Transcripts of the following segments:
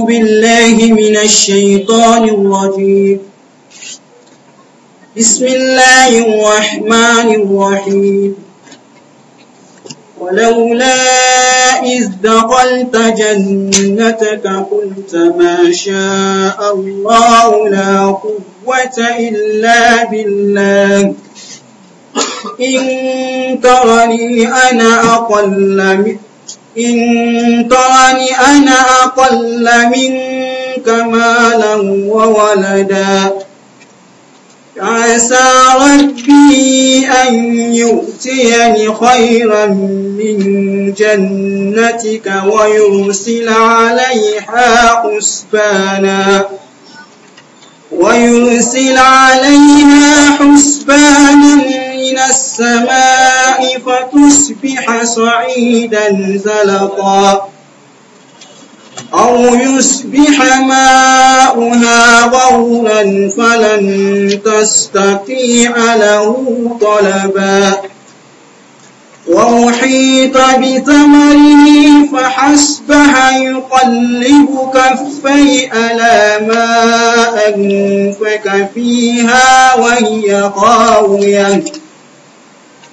بالله من الشيطان الرجيم بسم الله الرحمن الرحيم ولولا إذ دخلت جنتك قلت ما شاء الله لا قوة إلا بالله إن ترني أنا أقل منك إن ترن أنا أقل منك مالا وولدا عسى ربي أن يؤتيني خيرا من جنتك ويرسل عليها حسبانا ويرسل عليها حسبانا من السماء فتصبح يصبح صعيدا زلقا أو يصبح ماؤها غورا فلن تستطيع له طلبا وأحيط بثمره فحسبها يقلب كفي على ما أنفك فيها وهي خاوية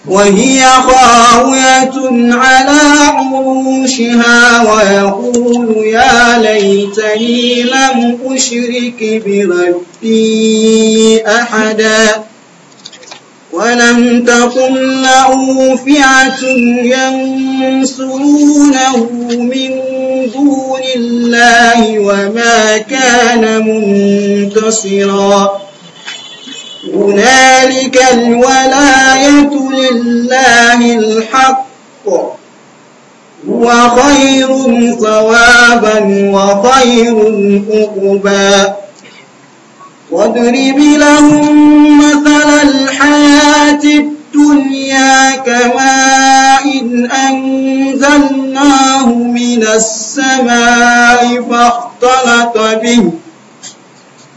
وهي خاوية على عروشها ويقول يا ليتني لم أشرك بربي أحدا ولم تكن له فئة ينصرونه من دون الله وما كان منتصرا هنالك الولاية لله الحق هو خير ثوابا وخير عقبا واضرب لهم مثل الحياة الدنيا كماء أنزلناه من السماء فاختلط به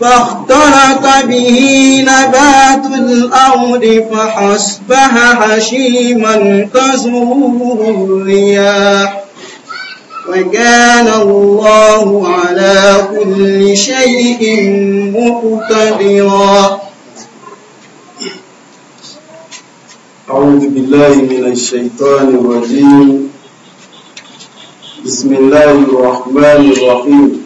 فاختلط به نبات الأرض فحسبها هشيما تزوره الرياح وكان الله على كل شيء مقتدرا أعوذ بالله من الشيطان الرجيم بسم الله الرحمن الرحيم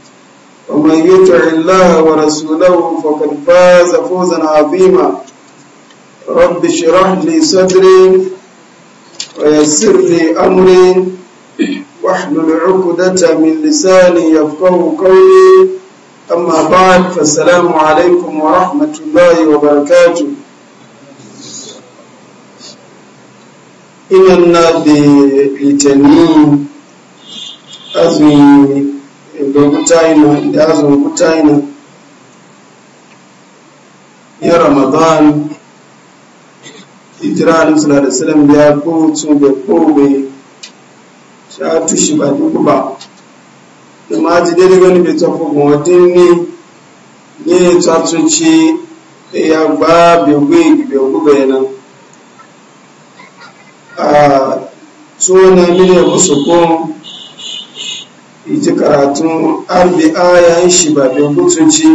ومن يطع الله ورسوله فقد فاز فوزا عظيما رب اشرح لي صدري ويسر لي امري واحلل عقدة من لساني يفقه قولي اما بعد فالسلام عليكم ورحمة الله وبركاته إن النادي لتنين أزمي lokutaina da azumin kutaina ya ramadan hijira alim sallallahu alaihi wasallam ya kowace da kowe sha tushi ba duk ba da ma ji daidai gani bai ta ko tafi gwadin ne ne tsatunci ya ba bi bi begwe ga bayanan ah, a so na miliyan wasu ko karatun an bi ayayen shi ba bin hutunci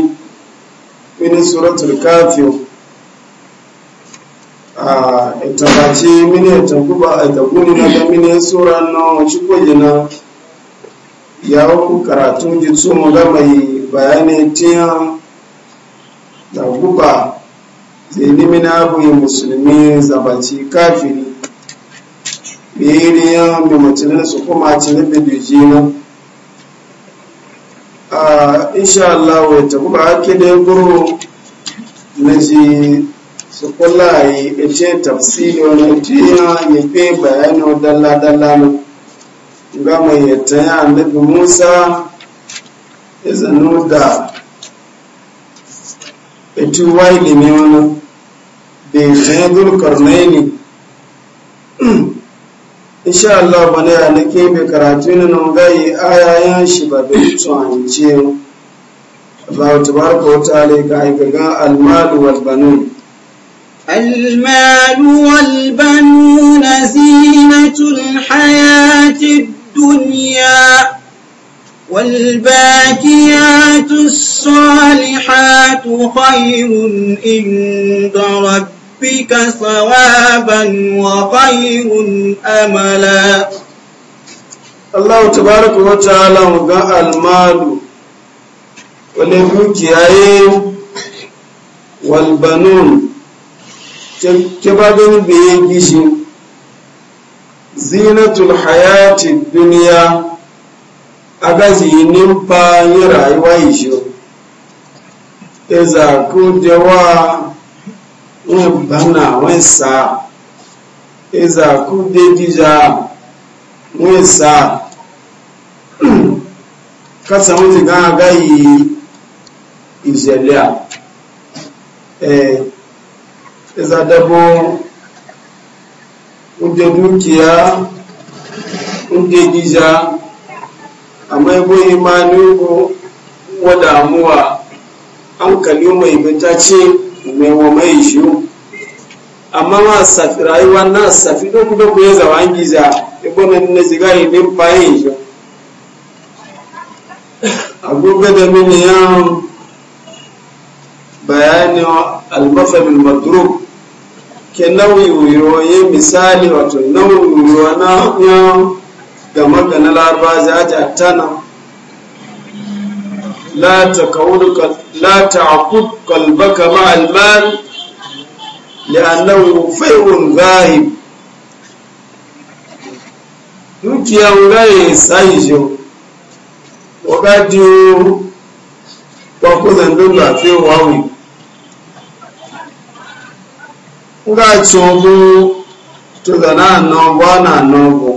mini suratul kafin a itabaci mini ya taguba a taguni na ga mini sura na wace kwajina ya hukun karatun jitsu mu ga mai bayanai tiyan taguba zai nimi na abu yi musulmi zabaci kafiri ne bi mutunin su kuma cinin jina. insha Allah wai ta kuma ake da guru na ji su kula yi ce tafsiri wani tiya ya fi bayani dalla dalla mu ga mai yata ya annabi Musa izinu da eti waili ne wani da ya yi ne insha Allah bane ya nake mai karatu ne nan yi ayayen shi ba bai ce mu الله تبارك وتعالى كايكا المال والبنون المال والبنون زينة الحياة الدنيا والباقيات الصالحات خير عند ربك ثوابا وخير أملا الله تبارك وتعالى وقال المال wale yayi walbanun ke ba gani da ya gishi zinatul hayati duniya a gaji nimfa yi rayuwa yi shi iza e kudewa bana de iza kudedija sa kasa wuce gan agayi ìṣẹ̀lẹ̀ à ẹ̀ẹ́dẹ́gbọ́ oúnjẹ dúkìá oúnjẹ jíjà àmọ́ ẹgbẹ́ yìí máa ní wọ́n dààmúwà hankali mai bita ce mai wa mai shi amma ma safi rayuwa na da ku giza na da bayani almafalin madrub ke nauyi wuyoyi misali wato nauyi wuyo na yan game da na laraba za a tana la ta'qud qalbaka ma al-mal li'annahu fayrun ghahib dukiya wakati kwa kuzandula fi wawi nga tsomu tuga na anọgbọ a na anọgbọ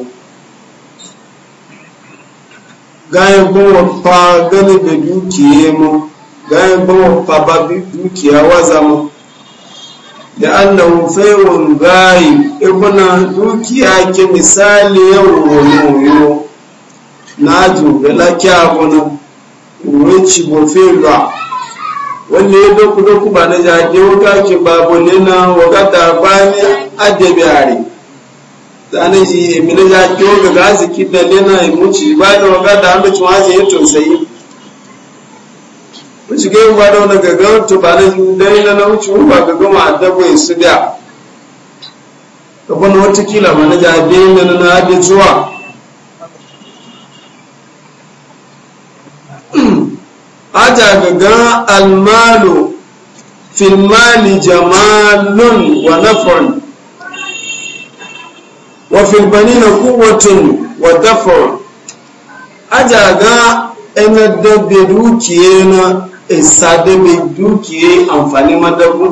gaye gbọmọ pa gani be dukiye mu gaye gbọmọ pa ba dukiya waza mu da annahu faiwun gayi ibuna dukiya ke misali ya yau romoyo na ajiyar da lakiya ci wuce bofin ga wanda ya doku doku ba na jage wuka ke babu nina waga ta bani adabi are zanen shi mi na jage wuka ga su kidda nina ya muci ba da waga da hannu ci wajen ya tausayi wuci ga yi ba da wani gaggawa to ba na dare na wuci ba gaggawa adabu ya su da abin watakila ba na yin nina na adabi zuwa ta gaga almalu filmali jamalun wa nafon wa filbani na kuwatun wa dafon aja ga ina be dukiye na isa e dabe dukiye amfani madabu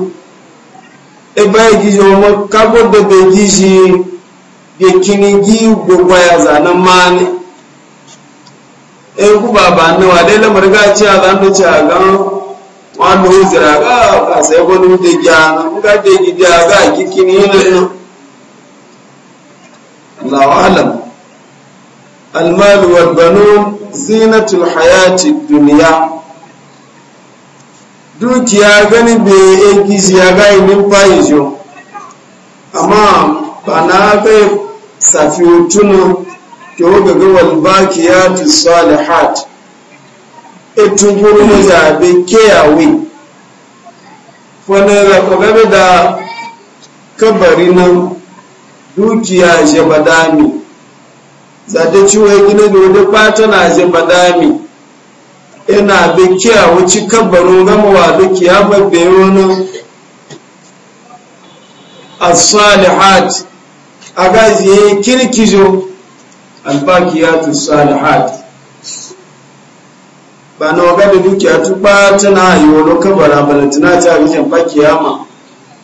ebe e gizi ọmọ kago dabe gizi da kinigi gbogbo ya zanen mani eh ku ba na wa dai lamar ga ci a zan ci a gan wa no zira ga ka sai ko ni de ga mu ga de gi da ga kikini ne no Allahu alam المال والبنون زينة الحياة الدنيا dukiya gani bai yi e gizi ya gani min fayijo amma ba na kai safi hotuna kyau ga gawal bakiyati salihat etu guru na zaɓe keyawe wani rakwagabe da kabari nan dukiya jabadami zata ciwo ya gina da wadda fata na jabadami yana da kiyawa ci kabarin gama wa da kiyama yi wani asalihat a gaji ya yi kirkijo alfakiyatu salihat ba na waga da dukiya tu ba tana yi wa lokar barabala tana ta rikin ba ma.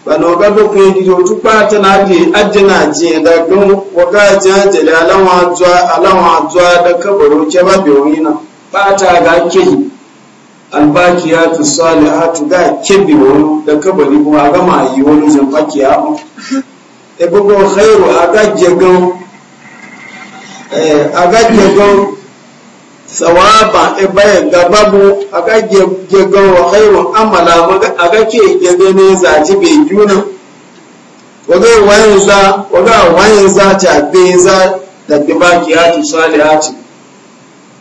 ba na waga da kuma yi tu ba tana da ajina ji da gan waga jaje da alawa zuwa alawa zuwa da kabaro ke ba biyoyi na ba ta ga ke albakiyatu salihatu ga ke biyoyi da kabari kuma a gama yi wani jan ba kiyama e bugu khairu a ga jegan Eh, agagegon sawaba ibaye eh, gababu agagegon wa khairun amala agake gege ne zaji bai juna waga wayan za waga wayan za ta be za da baki ya tu salihati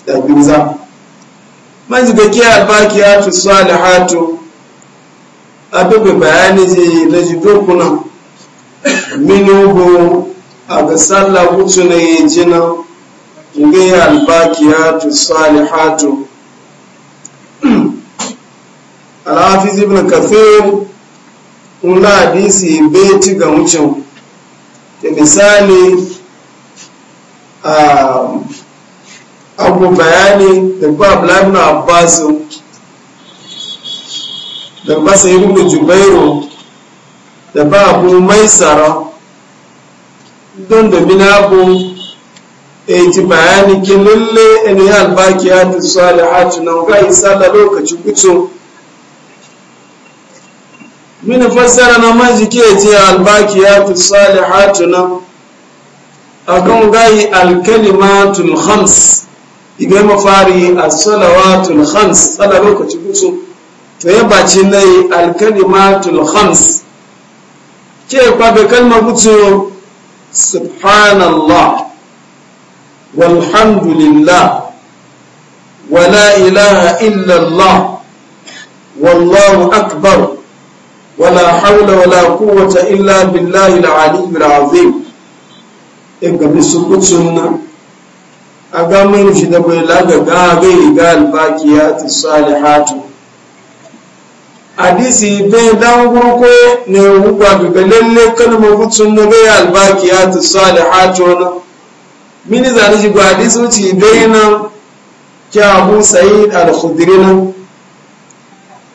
da bi za manzi da ke albaki ya tu salihatu abubu bayani je na jidokuna minubu a ga sallah wuce na yi jina ngai albakiyatu salihatu alhafiz ibn kafir wula hadisi beti ga wucin da misali ah, abu bayani da ba abdullahi abbas da ba ibn jubairu da ba abu maisara don da minabu e ti bayani ke lalle ene ya albaki ya ti hatu na ga isa da lokaci kuto min fassara na maji ke ti albaki ya ti hatu na akan gayi alkalimatul hans ibe mafari salawa salawatul hans tsala lokaci kuto to ya baci alkalima alkalimatul hans ke kwabe kalmar kuto سبحان الله والحمد لله ولا إله إلا الله والله أكبر ولا حول ولا قوة إلا بالله العلي العظيم إبقى سبت سنة أقامين في دبي لك قاقي قال باكيات الصالحات hadisi bai dan gurko ne ruba daga lalle kalma mutun na bai albakiyatu salihatu na mini zane shi ba hadisi wuce bai nan ki abu sa'id al-khudri nan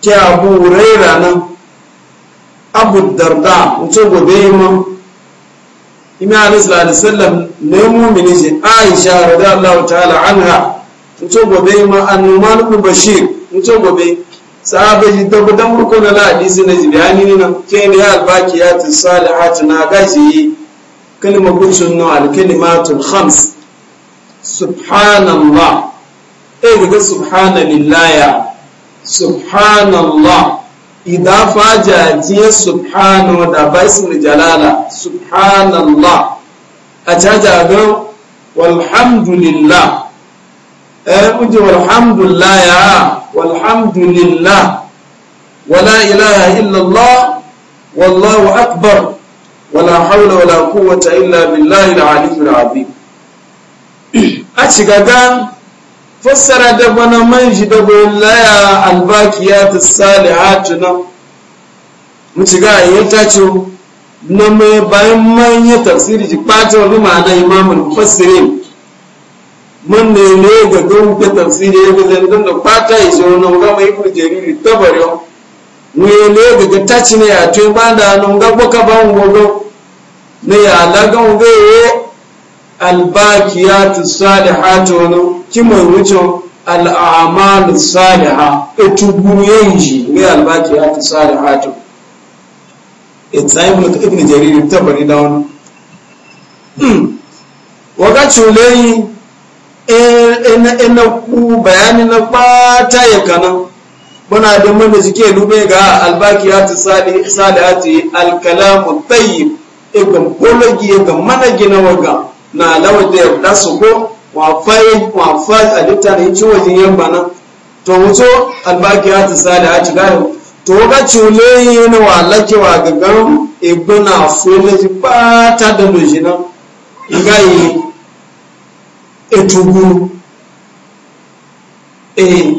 ki abu Raira nan abu darda mutum gobe ma ime alayhi sallallahu alaihi wasallam ne mini shi aisha radiyallahu ta'ala anha mutum gobe ma Annuma, ibn bashir mutum gobe sahabai shi tabbatar murko da hadisi na jibiyani ne na ke ne ya albaki ya tun salihatu na gaji yi kalma kucin nan tun hams subhanallah ɗaya e, daga subhanallaya subhanallah idan fajaji ya subhanahu da ba da jalala subhanallah a caja ga walhamdulillah ẹ̀rẹ́kúnjẹ́ eh, walhamdulillah walhamdulillah wala ilaha illallah wallahu akbar wala haula wala quwwata illa billahi al-aliyyil azim a ci gaga fassara da bana man shi da laya albakiyatu salihatu na mu ci ga yayin ce na mai bayan man ya tafsiri ji pata wani ma'ana imamul mufassirin mun ne ne ga gawu da tafsiri ya gaza don da fata ya shawo nan gama yi kurjeri da tabarin ne ne ga ta ci ne a to ba da nan ga baka ba mu gogo ne ya la ga mu ga ye albaqiyatu salihatu wani ki mai wuce al'amalu saliha etubu yanji ne albaqiyatu salihatu e ta ibn jarir tabari da wani ga uleyi ina ku bayani na fata ya kanan muna da mana suke lube ga albakiyatu salihati alkalamu tayyib ibn bologi ga mana gina waga na lawata ya da su ko wa fai wa fai a dukkan yin ciwo jin yan bana to wuto albakiyatu salihati ga to ga cule ne wa lake wa gan ibn afolaji fata da lojina ga yi etugu eh,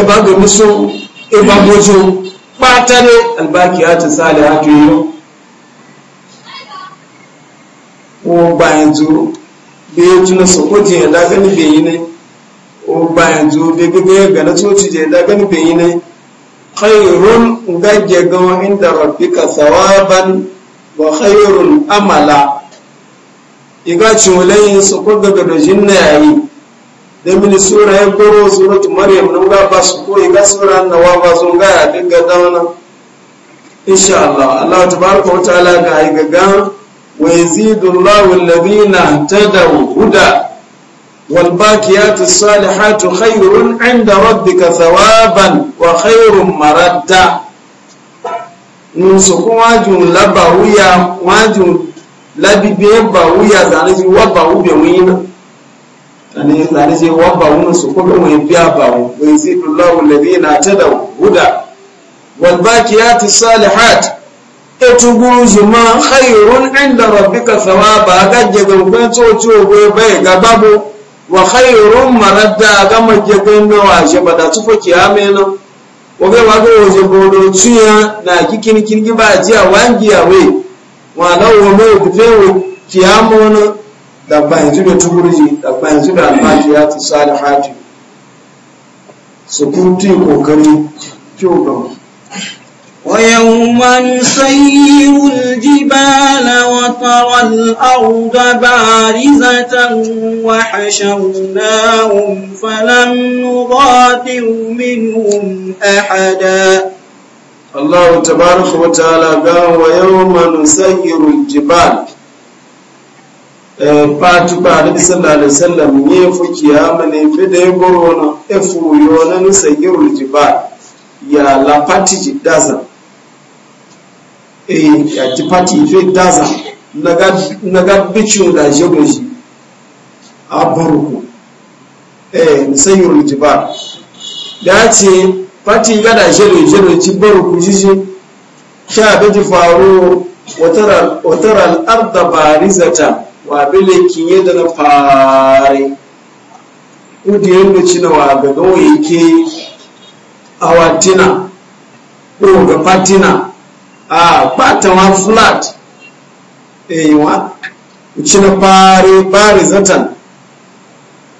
eba gami sun ba gojo patare albaki ya ci sale ha tuyo o bayan zu be ya so sokoji da gani be yi ne o bayan zu be gaba ya gana soci ya da gani be yi ne khairun gaggagon inda rabbika sawaban wa khairun amala iga ciwalayin su ko daga jinna yayi da mini sura ya goro suratu maryam nan ga ba su ko iga sura na wa ba sun ga ya dinga wannan insha Allah Allah tabaraka wa ta'ala ga ai ga wa yazidu Allahu alladhina tadaw huda wal baqiyatu salihatu khayrun 'inda rabbika thawaban wa khayrun maradda nusu kuma jun labawiya labi be ba ya zane ji wa ba wube wina tani zane ji wa ba wuna su kuma mu biya ba wu wa yazidu na ta da huda wal baqiyatu salihat etuguru zuma khairun inda rabbika ba ga jagan kan coco go bai ga babu wa khairun maradda ga majagan nawa je bada tufa kiyamena wa ga wa ga wo je bodo tuya na kikin kirgi ba a jiya ya we walau wa mai kufewu kiyama wani da bayanzu da tuburji da bayanzu da alfajiyatu salihati su kuti kokari kyau gaba ويوم نسير الجبال وترى الأرض بارزة وحشرناهم فلم نغادر منهم أحداً Allah tabaraka wa ta'ala ga wa yawma nusayyiru jibal eh, patu ba da sallallahu alaihi wasallam ne fu fi e da e goro na efu yona nusayyiru jibal ya la pati jidaza eh ya ti pati daza naga naga bichu da jebo ji abaruku eh nusayyiru jibal da ce Fati gada shirye-shirye ci baro ku ji shi sha biji faro watar al'arda barizata wa bile kinye da na fari? kudi yadda ci na waga gawa yake awatina ko ga fatina a fata wa flat eyiwa ci na fare barizatan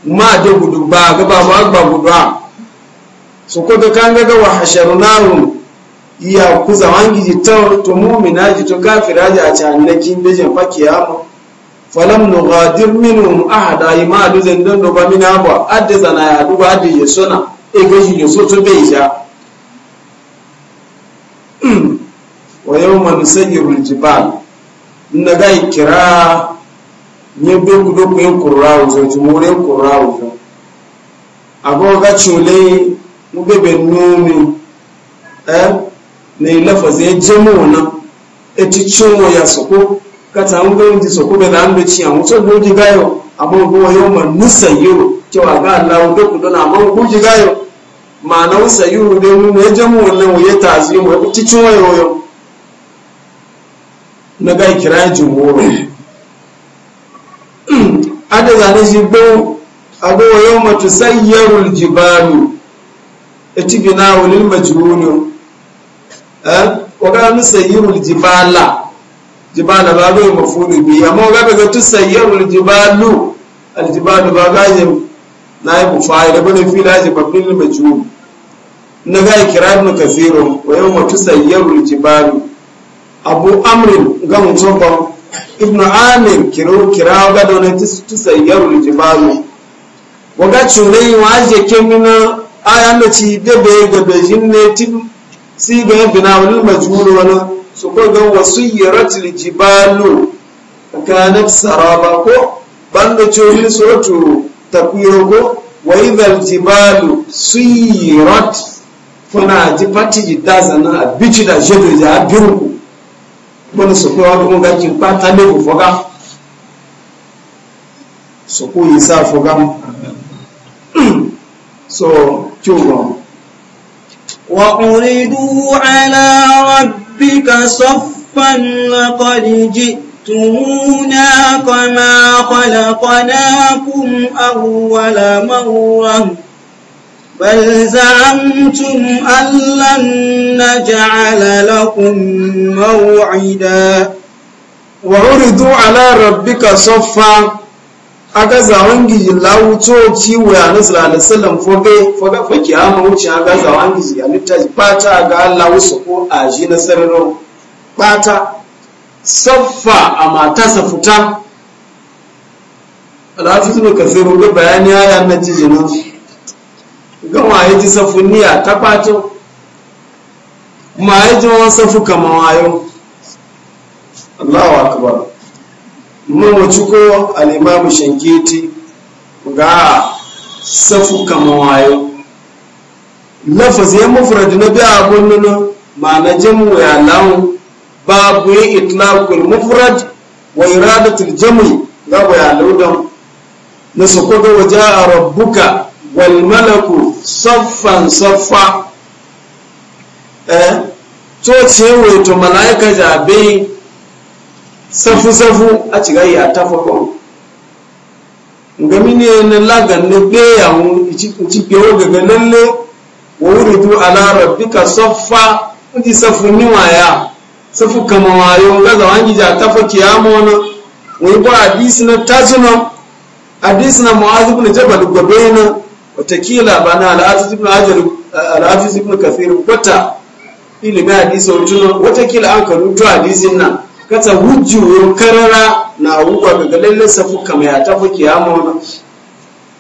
ma da gudu ba gaba ba gudu ba so ko to kanga ga wa hasharnahum ya ku zawangi ji to mu'mina ji to kafira ji a can na kin da jan fakiya mu falam nughadir minhum ahada ima du zan don do ba min abu adda zana ya du ba da yesona e ga ji yaso to be isha wa yawma nusayyiru aljibal inna ga ikira ne be ku do ku yin qur'an zo jumurin qur'an zo abu ga chule mugebe nomi ɛ na fɔzi ya mu wona eti cimo ya soko kata an gani ti soko bela an beci an wuce goji gayo amma gowa yau ma nusa yau wa ga Allah da ku dona amma goji gayo ma na wusa yau wona wo ye ta zi mu ti cimo yau na ga kira zane dzi itibina walil majnun eh waga nusayyirul jibala jibala ba ga mafulu bi amma waga ga tusayyirul jibalu al jibalu ba ga yin naibu fa'ida bane fila jibalil majnun na ga ikrar ibn kathir wa yawma tusayyirul jibalu abu amrin ga mutoba ibn amir kiro kira ga don tusayyirul jibalu Wa waga chulai waje kemina aya da ci bebe ga bejin ne ti si ga bina wani majmuru wani su ko ga wasu yaratil jibalu kanat saraba ko banda cori suratu takwiro ko wa idhal jibalu suyirat fana ji pati ji a abici da jedo ja biru wani su ko wani ga ki pata ne ku foga su ko yi sa foga so chugo وعرضوا على ربك صفا لقد جئتمونا كما خلقناكم أول مرة بل زعمتم أن لن نجعل لكم موعدا وعرضوا على ربك صفا aga zawon giji lawu to ciwo ya nasu lalisallam foge foga fake ama wuce aga zawon giji a ji bata ga Allah wasu ko a shi na sararin bata saffa a ta safuta. alhaji tuno ka sai ruga bayani ya yana jiji nan gama ya ji safuniya ta bato ma ya ji wani safu kama wayo Allahu akbar mamaci ko alimamu shankiti ga safu kama wayo lafazi ya mufrad na biya abun nuna na jamu ya lawo babu ya itlaqul mufrad wa iradatul jam'i ga ya laudan na sako ga waje a rabbuka wal malaku saffan saffa eh to ce wato malaika jabe safu-safu a ci gayi a tafakon gami ne na lagan na beya cike wa gaga lalle wa wuri tu ala rabbika safa ndi safu ni ya. safu kama wayo gaza wangi ja ki kiyama wana wani ba hadisi na tajina hadisi na mu'azu ibn jabal na watakila bana al-aziz ibn hajar al-aziz ibn kathir kwata ilimin hadisi wa tuna watakila an to hadisin nan kata hujju karara na wuka daga lallin safu kamar ya tafi kiyama wani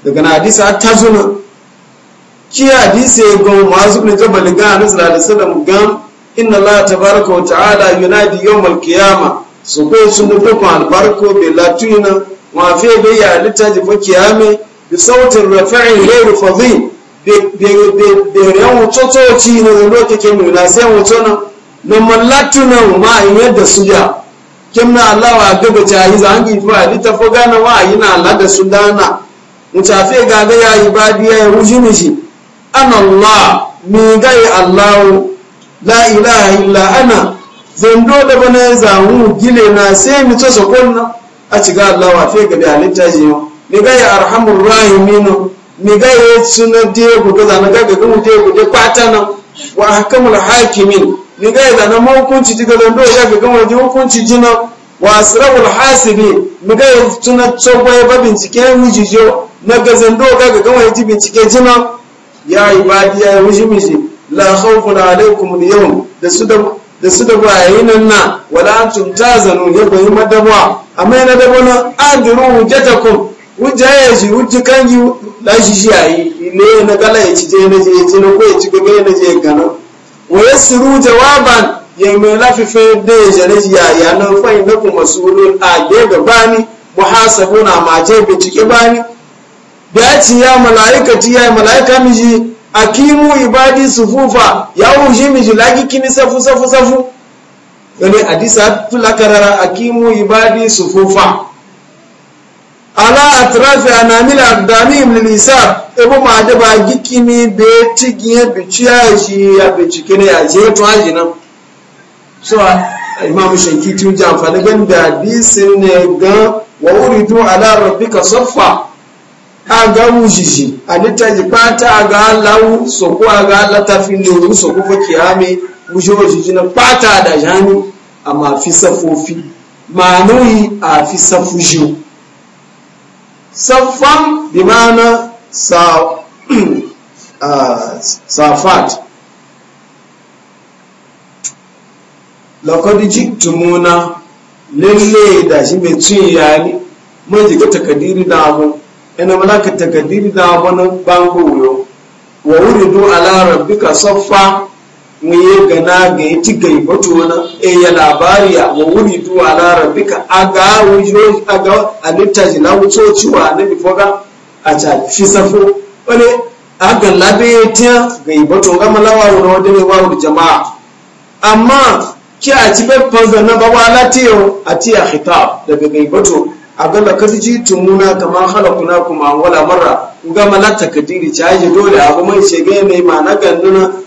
daga na hadisa ta zuna ki hadisa ya gama masu ne jabal ga anas da hadisa da inna allah tabaraka wa ta'ala yunadi al qiyama su ko sun da ko barko bi latina wa fi bi ya ji fa kiyame bi sautin rafa'i ghairu fadhi bi bi bi ne lokacin mu na sai wutona na mallatuna ma yadda suya kimna Allah wa gaba ta yi zangi fa ni ta foga na wa yi na Allah da sudana mutafe ga ga ya yi badiya ya wuji mishi ana Allah mi ga ya Allah la ilaha illa ana zando da bana zamu gile na sai mi to sokonna a ciga Allah wa fe ga da halitta je mi ga ya arhamur rahimin mi ga ya sunan de ku ga na ga ga mu de ku de kwata na wa hakamul hakimin ni ga yana nan hukunci diga nan do ya ga waje hukunci jina wa asrabul hasibi mi ga tuna tsogoye ba bincike wujijo na gazan do ga ga waje bincike jina ya ibadi ya mu miji la khawfun alaikum al-yawm da su da da su da bayinan na wala antum tazanu ya bayi madabwa amma ina da bana adru wujatakum hujjaye ji hujjikan yi la shi ayi ne na gala ya ci je na je ci na ko ya ci gaba ya na je ya gana ويسروا جوابا يملفف لففه ديجا نجي يا نفعي لكم مسؤولون آجيب باني محاسبون ما جيب باني بياتي يا ملائكة يا ملائكة مجي akimu ibadi صفوفا يا وجي مجي lagi kini safu safu safu يعني hadisa tula karara akimu ibadi sufufa ala atrafi anamil aqdamihim lil hisab ebo ma de ba gikimi be tigiye be ciyaji ya be cikene ya je to aji nan so imam shankiti un jamfa da gan da hadisin ne ga wa uridu ala rabbika saffa aga wujiji alita jipata aga lawu soko aga lata finuru soko fo kiyame wujojiji na pata da jani amma fi safofi ma'anoyi a fi saffan bi ma'ana uh, safat lakwadiji tumuna lalle da shi mai cin yari mai jika takadiri da abu ina malaka takadiri da abu na bango wuyo wa wuri do ala rabbika saffa muye gana ga yi tiga yi bato e ya labari a wuri duwa na rabika a ga a ga ji na wuto ciwa na bifoga a ta fi safo wani a ga labe ta ga ga malawa wani wadda ne wawar jama'a amma ki a ci bai fanzar na bawa latiyo a ti a hita daga ga bato a ga da kasu ji tumuna kamar halakuna kuma wala mara ga malata kadiri ci dole abu mai shege mai ma na gannuna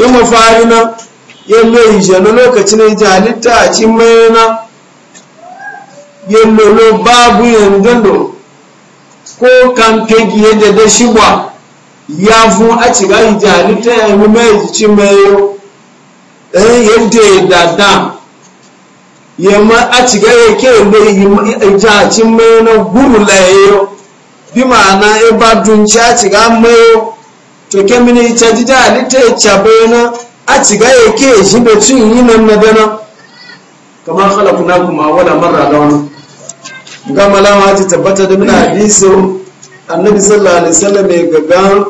ya mafari na ya lo ijelo lokaci a cin mai na lolo babu yanzu ko kan kegi yadda da shi ba ya fún àti ráyìn jẹ́ àlítẹ́ ẹ̀mú mẹ́rin tí mẹ́rin ẹ̀yìn yẹn dé dáadáa yẹn mọ́ àti ráyìn kéèlé ìjà àti mẹ́rin náà na ya bá dùn to ke mini ita ji da halitta ya cabe na a ciga ya ke shi da cin yi nan na dana kamar halaku na kuma wala marar launa gama malama ta tabbata da muna hadisin annabi sallallahu alaihi wasallam ya e gaga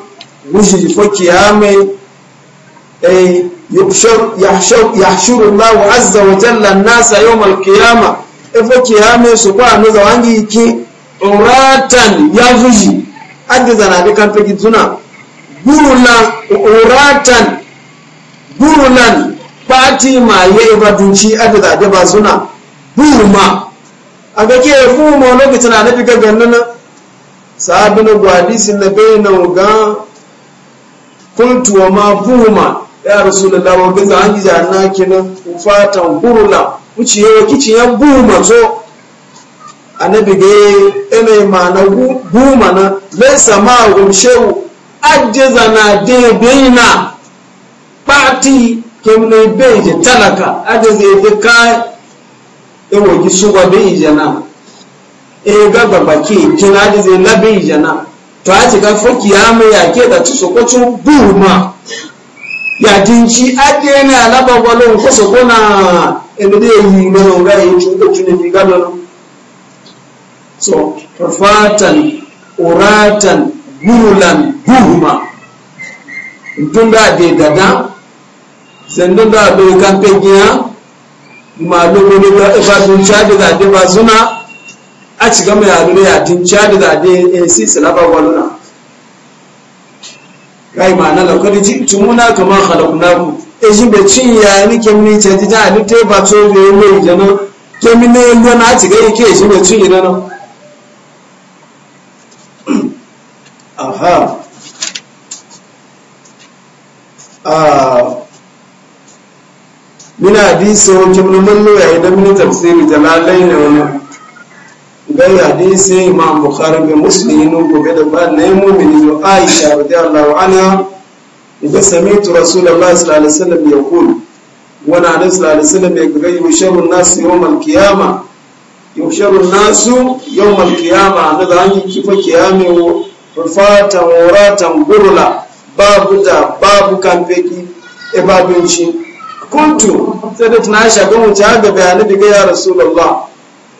wushi foki kiyame mai e ay yukshar yahshur yahshur Allah azza wa jalla nasa yawm al-qiyama ifoki ya su kwa na zawangi ki uratan ya fushi adda zana da kan fiki tuna burulan uratan burulan pati ma ya iba dunci adada da ba suna buruma a ga ke fuma lokacin na fi gaggan nan sahabi na gwadisin na bai na ga kultuwa ma buruma ya rasu da lawa gaza an gija na kenan fatan burula wuce wa kicin ya buruma zo na ga yanayi ma na buruma na laisa ma gumshewu ajiza na debina pati kemne beje talaka ajiza ebe ka ewo ji suwa beje na e gagba baki kin ajiza la beje na to a cika foki ya mai yake da ci sokocin burma ya dinci ajiye ne alaba gwalon ko sokona ebe da yi mana ga yi cuta cuta fi gado so rufatan uratan gurulan guhuma tun da de dada sandun da be kan tegiya malumu ne ba ifa tun da de ba suna a ci gama ya dure ya tun chadi da de e si salaba waluna kai ma na lokari ji tumuna kama khalaqnaku e jin be cin ya ni kemni chadi da ni te ba to e be mai jana kemni ne lona a ci ga yake shi be cin ina aha a ah, mina hadisi wa ya idan mini tafsiri jalalai ne wani gai hadisi imam bukhari muslim gobe da ba ne mu'mini yo aisha anha idan sami'tu sallallahu alaihi wasallam sallallahu alaihi wasallam ya ga na da rufatan wuratan gurla babu da babu kamfeki e babinci kuntu sai da tana shaga wuce ga bayanin daga ya rasulullah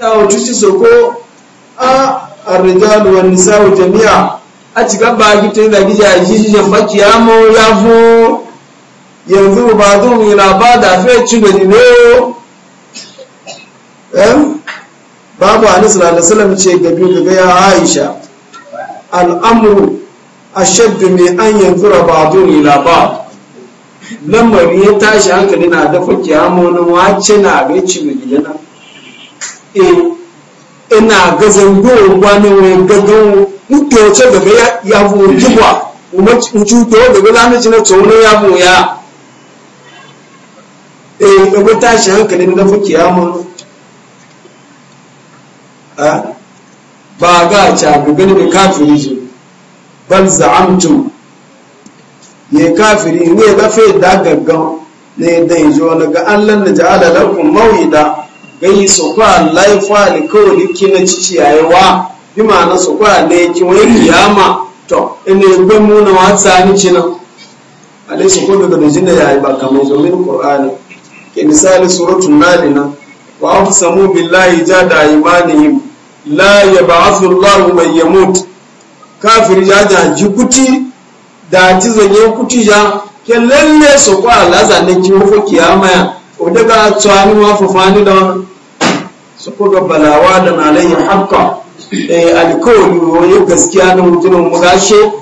ya wuce shi soko a arrijalu wan nisa'u jami'a a gaba ba gita da gija jiji jan bakiya mo ya fu yanzu ba dun ila ba da fe ci gani ne eh babu anisa sallallahu alaihi wasallam ce gabi daga ya aisha al'amuru a shaddu mai an yanzura ba duni ba lamari ya tashi hankali na dafa kiyama wani wace na ga ci mai gidana e ina ga zango wani wani gagan mutuwace daga ya bu gibwa mutuwa daga lanaci na tsoron ya bu ya e ga tashi hankali na dafa kiyama wani ba ga cagu gani da kafiri ji bal za'amtum ye kafiri ne ya zafe da gaggan ne dai jo na ga Allah na ja'ala lakum mawida gai su kwa laifa li kawli kina ciciyayewa bi ma'ana su kwa ne ki wani kiyama to ina gban mu na wata ni ko daga kullu da ya yi ba kamar zomin qur'ani ke misali suratun nalina wa samu billahi da imanihim la ya ba'athu Allah man yamut kafir ya jaji kuti da ti zanye kuti ja ke lalle so kwa alaza ne ki wo kiyama ya o daga tsani wa fafani da su ko ga balawa da nalai hakka da e, alkawli wo yi gaskiya da mutumin mu gashe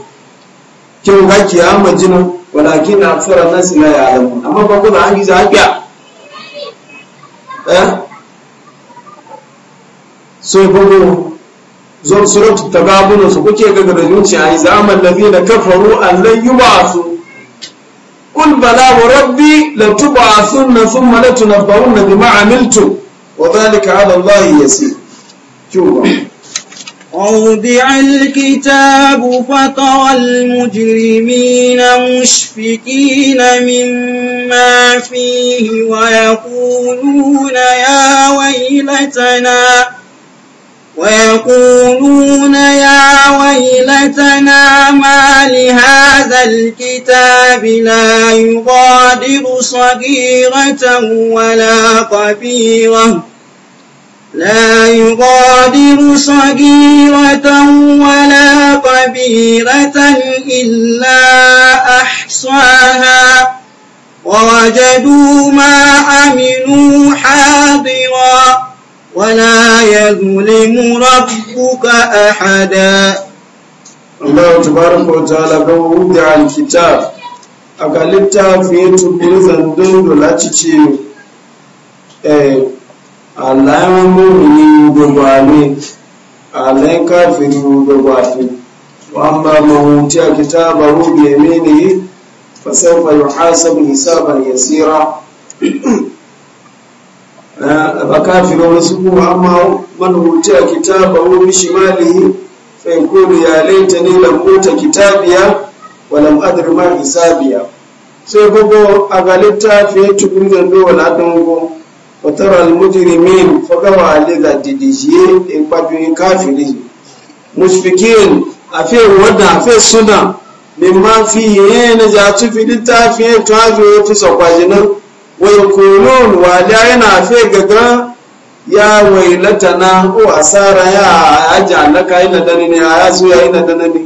kin ga kiyama jinan walakin aksara nasi na ya'lamun amma ba ku da hangi za a biya eh sun kuma zon ta gabunan su kuke ga gada zaman na zina kafaru allon yi ba su kun bala wa rabbi la tuba sun na sun mana tunabbarun na bi ma'amiltu wa zalika ala Allah ya si أوضع الكتاب فترى المجرمين مشفقين مما فيه ويقولون يا ويلتنا ويقولون يا ويلتنا ما لهذا الكتاب لا يغادر صغيرة ولا كبيرة لا يغادر صغيرة ولا كبيرة إلا أحصاها ووجدوا ما عملوا حاضرا ولا يظلم ربك أحدا الله تبارك وتعالى بوضع الكتاب أقلبت في تبين زندون لا تشيو alayan mumini gbogbo ale alayan kafiri gbogbo afi wọn bá mahun tí a kìtà bá rúbi nìyí fasẹ́fà yóò فكافر ورسوله عما من أوتي كتابه بشماله فيقول يا ليتني لم أوت كتابيا ولم أدر ما حسابيا sai gogo a ga littafi tukun zando wala dongo wa tara al mujrimin fa gawa aliza didijiye in kwabin kafiri musfikin a fe wada a fe suna min ma fi yana ja tufi littafi to ajo to sakwajinan wa yakulun waliya yana fe gaga ya wailatana o asara ya aja laka ina dani ne ya zo ya ina dani ne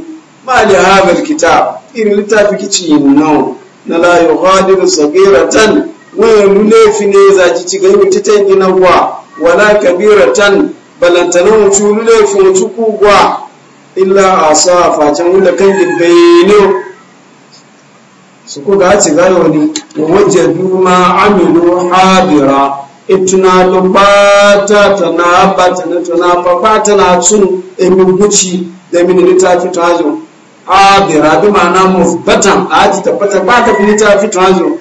ma li hadal kitab irin littafi kici no na la yughadiru sagiratan wa lule fi ne za ci gani ta ta gina gwa wala kabiratan balantana mutu lule fi mutu kugwa illa asa facen wula kan gibbe ne su ku ga ci ga yoni wa wajadu ma amilu hadira ituna lo bata tana bata na tana papata na tun emi guci da min litafi tazo hadira bi ma'ana mufbatan ci tabbata ba ta fi litafi tajo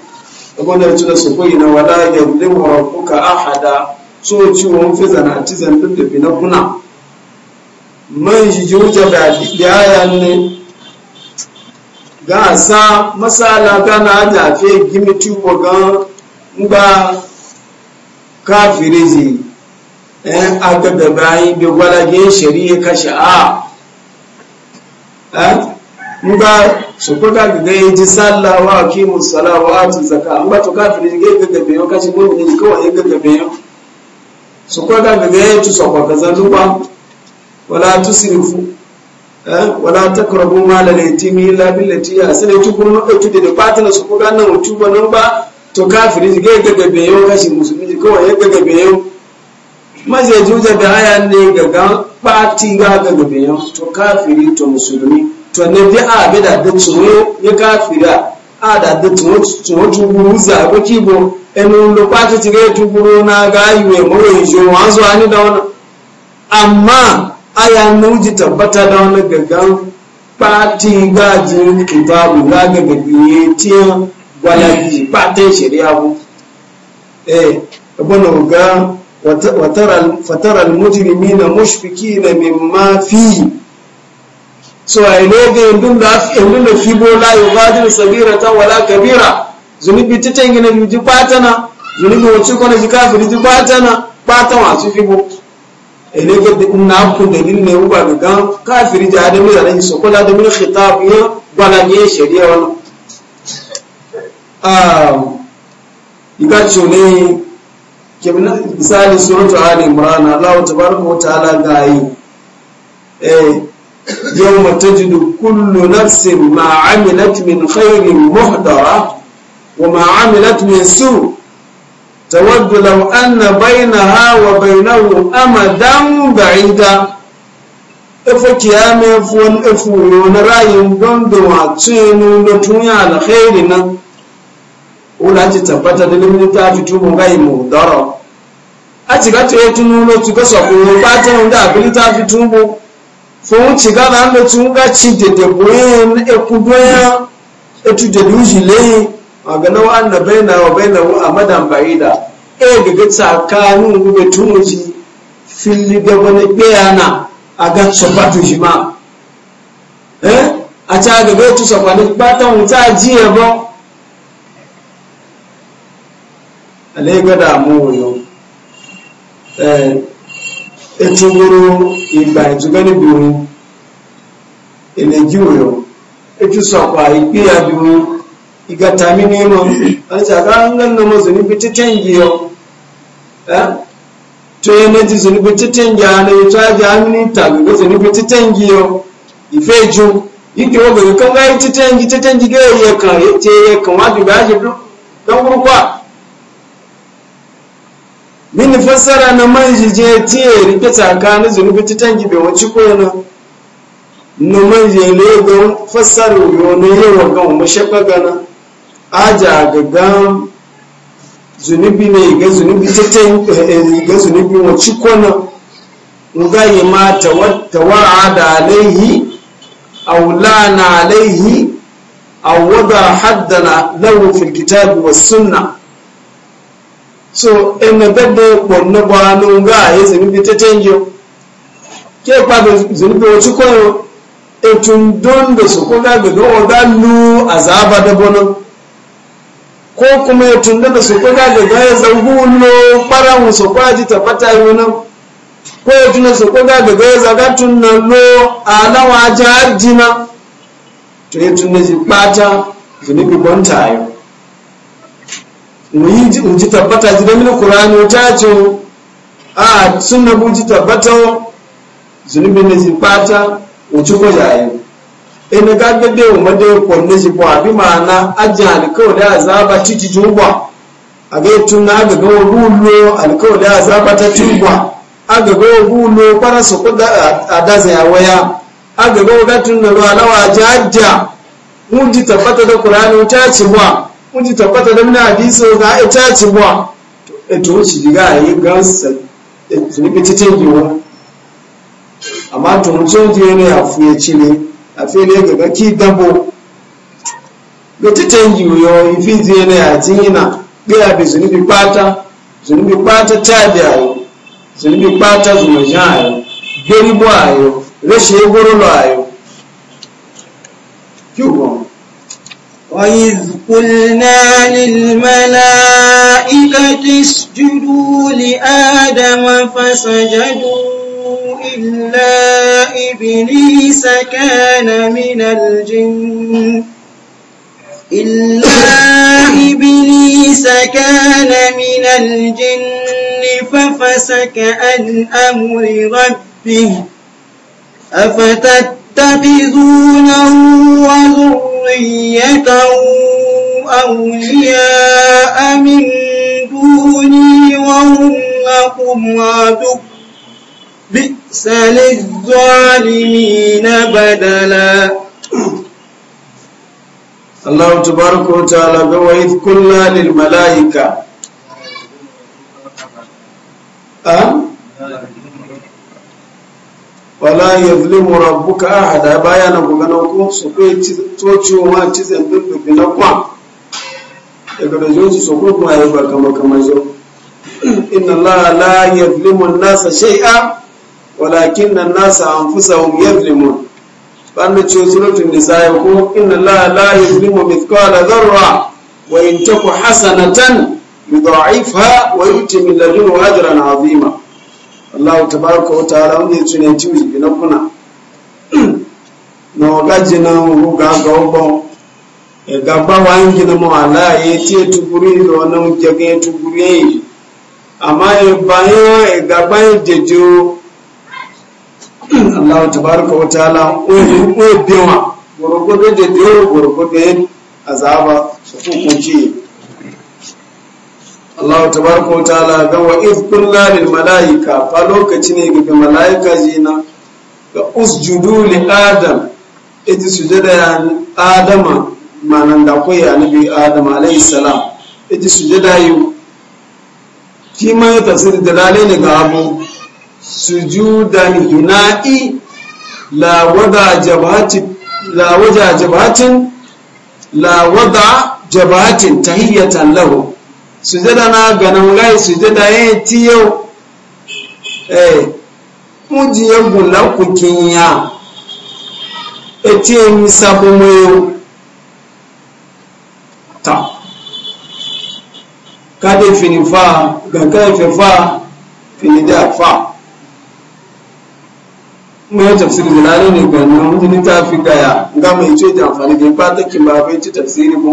abunda tuna su ku ina wala yadhimu rabbuka ahada so ci won fi zana ci zan duk da bi na kuna man shi juja da ya ne ga sa masala kana da fe gimitu ko ga ngba kafiri ji eh aga da bayi bi wala ge shari'a kashi a eh ngba su ko ga ga ji sallah wa aqimu salawati zakat amma to kafiri ge ga be yo kashi mu ne ko wa ga be yo su ko ga ga ji su ko ka zan wala tusrifu Eh, wala takrabu mal al-yatim illa billati ya sai da su ko ba nan ba to kafiri ga ga gabe yau kashi musulmi ya ga yau maje juja da ne ga ga fati ga ga yau to kafiri to musulmi to ne bi a bi da ya kafira a da ko kibo lo na ga yiwe amma aya nuji tabbata da wani gaggan fati, gajin kitabu ga gaga tiyan tiya gwala ji patin shari'a bu eh abun ga fatara almujrimina mushfikina mimma fi so ai ne ga indun da indun da fibo la yugadiru ta wala kabira zunubi titan gina ji patana zunubi wacce kona ji kafiri ji patana patan wasu fibo elege na kun dalil ne uba ga gan kafiri ja da mai ran so kula da min khitab ya bala ne shari'a wannan ah ika chole kibna misali suratu ali imran Allah tabaraka wa ta'ala gai eh yawma tajidu kullu nafsin ma amilat min khairin muhdara wa ma amilat min su' tawaddu law anna bainaha wa bainahu amadan ba'ida efo efo efo yona rayin dondo wa tsinu da tunya alkhairi nan ola ti tabbata da limin ta fitu mun gai mu daro a ti gato ya tunu no ti gaso ba ta mun da abin ta da ci de de tu a ga nawa an na baina wa baina a madan ba'ida e daga tsakanin gube tumuji fili da wani bayana a ga sabatu shi ma e, a ta ga ga tu ba ta wuta jiya ba alai ga e, e ikpe ya igatami nemo anti akanga nomo zunubi titengiyo eh to eneji zunubi titengiyo ne twaje amini tago zunubi titengiyo ifeju yiki wogo kanga titengi titengi ge ye kan ye ye kan waju baje do dan kwa. mini fassara na manji je tiye rike tsakanin zunubi titengi be wanci ko na na manji le ga fassara yo ne yawa ga mu shakka gana aja gagan zunubi ne ga zunubi yi eh, ga zunubi wa cikon nga yi ma tawa'ada alaihi aw alaihi a wada haddana lahu fil kitabi was sunna so ene bebe bonno bwanu nga yi zunubi ta yi ke pa zunubi wa cikona etun don da su kuma ga ga ga lu azaba da bonon ko kuma ya tunda da su kuka da gaya zangulo faran su Kwa tabbata yi nan ko ya tunda su kuka da gaya zagatun na lo alawa jihar jina to ya tunda shi bata zunubi gwanta yau mu ji tabbata ji da mini kurani ta ce a sun na buji tabbata zunubin da ji bata wuce kwajayen ina ga gade wa madayi kwanne shi fa bi ma'ana ajin alkawar da azaba titi jungwa a ga tun na ga gawa rulo alkawar da azaba ta jungwa a ga gawa rulo kwara su kuda a daza ya waya a ga gawa gatun na ruwa lawa jajja mun ji tabbata da kurani ta ci ba mun ji tabbata da muna hadisi ga ta ci ba to shi diga yi gansa da e, tuni bi titin giwa amma to mutum je ne a fuye ci ne afele gaga ki dabo lotiten yiwuyo ifi na yati yina gbéra bi zunubi pata zunubi pata taadi ayo zunubi pata zumajan ayo gberibo ayo reshe egorolo ayo وإذ قلنا للملائكة اسجدوا لآدم فسجدوا إلا إبليس كان من الجن إلا إبليس كان من الجن ففسك عن أمر ربه أفتتخذونه وذريته أولياء من دوني وهم لكم عدو بئس للظالمين بدلا الله تبارك وتعالى وإذ قلنا للملائكة أه؟ wala rabbuka ahada baya na kugana ko su ko tocho ma ci zan bibbi na kwa daga da jinsu su kuma ya ba kama kama zo inna allaha la an-nasa shay'a walakin nan nasa anfusahum yadhlimun banna ce suratul nisaa ko inna allaha la yuzlimu mithqala dharra wa in taku hasanatan yudha'ifha wa yu'ti min ladunhu ajran 'azima Allah tabaraka wa ta'ala wanda ya tune ci wiji na kuna na wagaji na ruga ga ubon e gaba wa ngi na mo ala ye ti tuguri lo na mu jage tuguri amma e bayo e gaba e jejo Allah tabaraka wa ta'ala oye biwa gwargwado da de gwargwado yin azaba su kunci Allah tabaraka wa ta'ala ga wa iz kunna lil malaika fa lokaci ne ga malaika jina ga usjudu li adam ita sujada ya adama manan da koyi annabi adam alayhi salam ita sujada yu kima ya tafsir dalalai ne ga abu sujudan hina'i la wada jabatin la wada jabatin la wada jabatin tahiyatan lahu sujada na ganin gai sujada yin tiyo eh muji yagun la kukinya eti emi sabu moyo ta kade fini fa ga fe fa fini da fa kuma ya tafsiri jalali ne ga nan ta fi gaya ga mai ce ta amfani da ba ta kin ba bai ci tafsiri ba?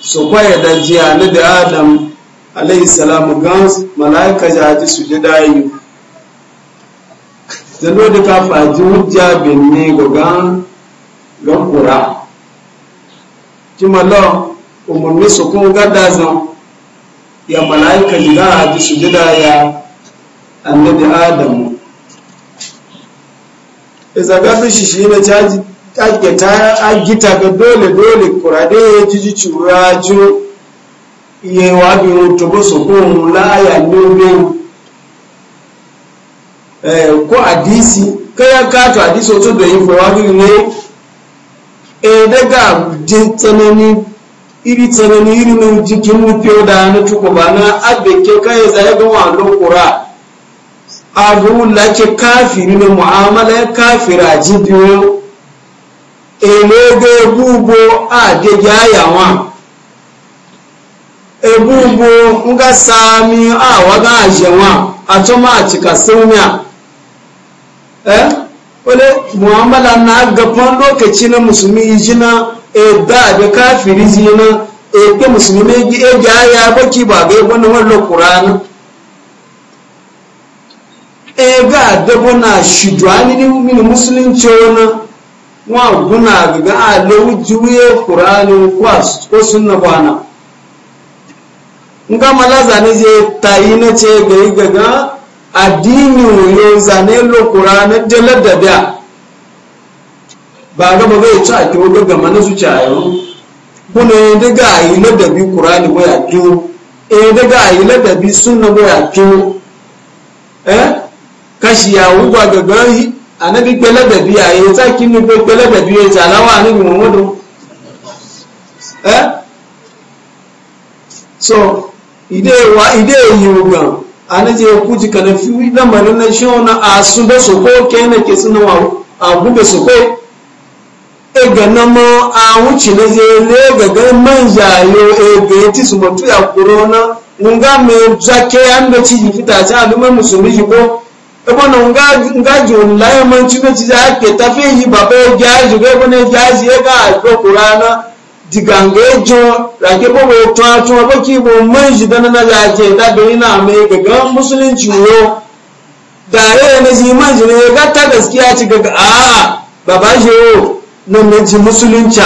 so kwa ya da jiya na da adam alayhi salamu gans malaika ya ji su ji dayi zano da ka faji hujja bin ne ga gan gan kura kima lo umarni su kun gada zan ya malaika ji ga ji su ji daya annabi adamu zaga su shi shi na caji ake ta agita ga dole dole kurade ya jiji cura jiro iye wa bi o to bo so ko eh, ko kaya kato adisi hadisi o to do bi ne eh, e daga je tsanani iri tsanani iri na jikin mu fiyo na tuko ba na abe ke zai ga wa lokura agula ke kafiri na mu'amala ya kafira ji biyo elogo egbugbo adịghị ayawa egbugbo nga sami awaga ajewa atụmachi kasị ume a eh wale mu'amala na gaban lokaci na musulmi iji na ebe da kafiri na ebe musulmi ege aya baki ba ga ebe na wallo kurana e ga dabo na shidu ani ni mini musulunci nwa wa guna agaga a laujuye kurani ko sunna bana nga mala zane je tayi na ce gai gaga addini yo zane lo kurani dala da biya ba ga ba bai ta ki ga ga mana su ta yo kuna daga yi ladabi kurani waya ki eh daga ya ladabi kashi ya wugwa ga gani annabi pẹlẹ dẹbi àyè sáàkì ní pé pẹlẹ dẹbi ẹjà aláwọ àníbi mọmọdún ẹ so ìdé wa ìdé èyí ògbàn fi e yo ebona ngaji onilaya manci na ciza ake tafi yi baba ya jaji ga ebona jaji ya ga ajo kurana diganga ejo rake bo bo to ato bo ki bo manji dana na jaje da bi na me gaga musulunci wo da ya ne ji manji ne ga ta gaskiya ci gaga a baba je wo na ne ji musulunci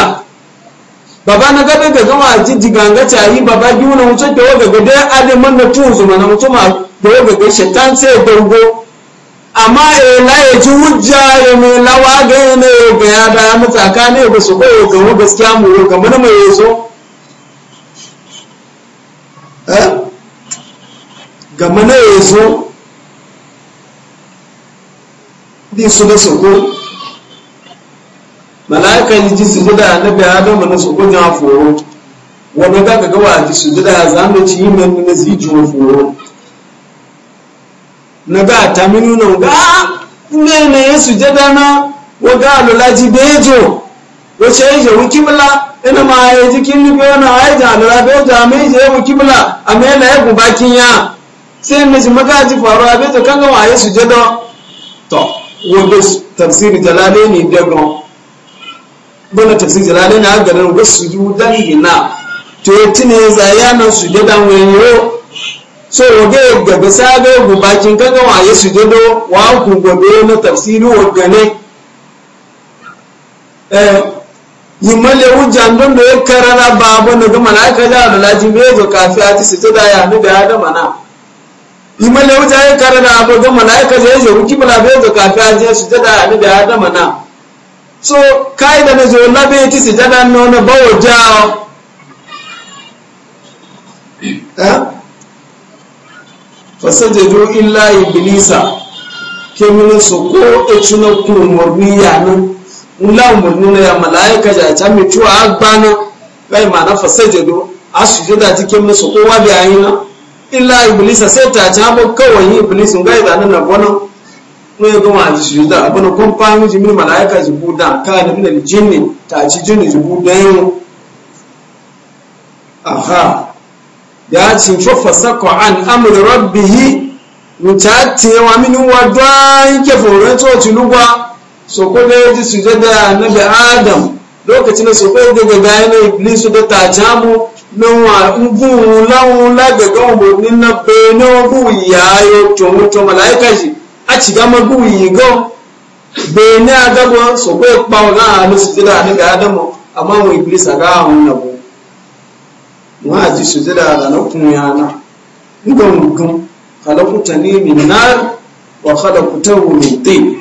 baba na gabe gaga ma ji diganga ta yi baba gi wona mutum ke wo gaga dai ade man na tun zuma na mutum ma da wo gaga shaitan sai dogo amma ila eh, ya ji hujja ya mai lawa ga yana ya daya mutaka ne ba su koyo gama gaskiya mu yau gama mai yaso zo eh? gama na yaso zo di su da su ko malaka yi ji su gida na biya don mana su ko jan foro wani ga ga gawa ji su gida za mu ci yi mai nuna zijin foro na ga ta minu na ga ne na ya jada na wa ga alulaji bejo wace ya je wukimla ina ma ya ji kin wani a ai da alula bejo a mai je wukimla a mai na ya guba kin ya sai ne ji maka ji faru a bejo kan ga wa ya sujada to wanda tafsiri jalale ne dagon bana tafsiri jalale na garin wasu judan na to ya tine zayanan su jada wani wayo so wage gaga sabe gumakin gaga wa yesu jado wa ku gobe na tafsiri wa gane eh yimale wujan don da karara babu na ga na da alaji be zo kafi ati sito da ya ni da adama na yimale wujan karara abu da malaka ka je zo ki bala be zo kafi ati sito da ya ni da adama na so kai da zo be ti sita da no na bawo jao eh fasajadu illa iblisa kemini su ko etuna kun umarni ya nla umarni na ya malaika ja ta mi tuwa bai ma na fasajadu a su jida ta kemini su ko na illa iblisa sai ta ci abu kawai yi iblisa ga yi zanen na gwana ji su da abu na fahimci jimin malaika ji buda ka da jinni ta ci jinni ji buda yi aha ya ci fofa sako an amuri rabbihi wuta tiyewa mini wa don ke foren tsoci lugwa so ko da yaji su jada na da adam lokacin da so ko daga gaya na iblisu da ta jamu nan wa ngun lawun lagaga umarnin na bene gu yayo tomo to malaika shi a ci yi go yigo bene agagwa so ko pa wa na alusu jada na da adamu amma mu iblis aga hun na ma ji sujada da na kunyana ngan gum khalaquta ni min nar wa khalaqtahu min tin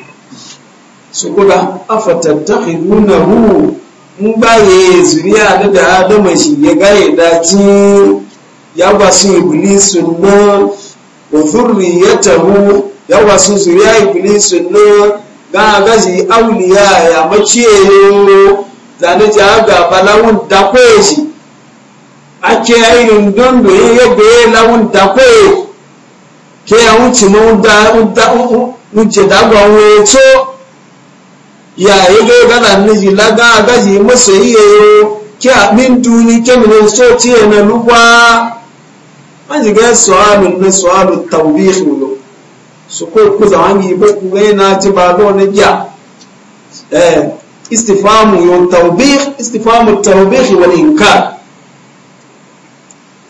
sukuda afatattakhidunahu mun baye zuriya da da adama shi ya gaya daci ya gwasu iblisu na wa zurriyatahu ya gwasu zuriya iblisu na ga gaji auliya ya maciye zane ji aga balawun da shi ake irin dondo ya yadda ya lawun da kwaye ke ya wuce na wuce dagwa wuce ya yi ga gana niji laga gaji masa yi yayo ke a min duni ke minin so tiye na lugwa an jiga su'alun na su'alun tawbihi wuyo su ko ku zawangi ba ku ga yana ci ba ga na giya eh, istifamu yo tawbih istifamu tawbih wal inkar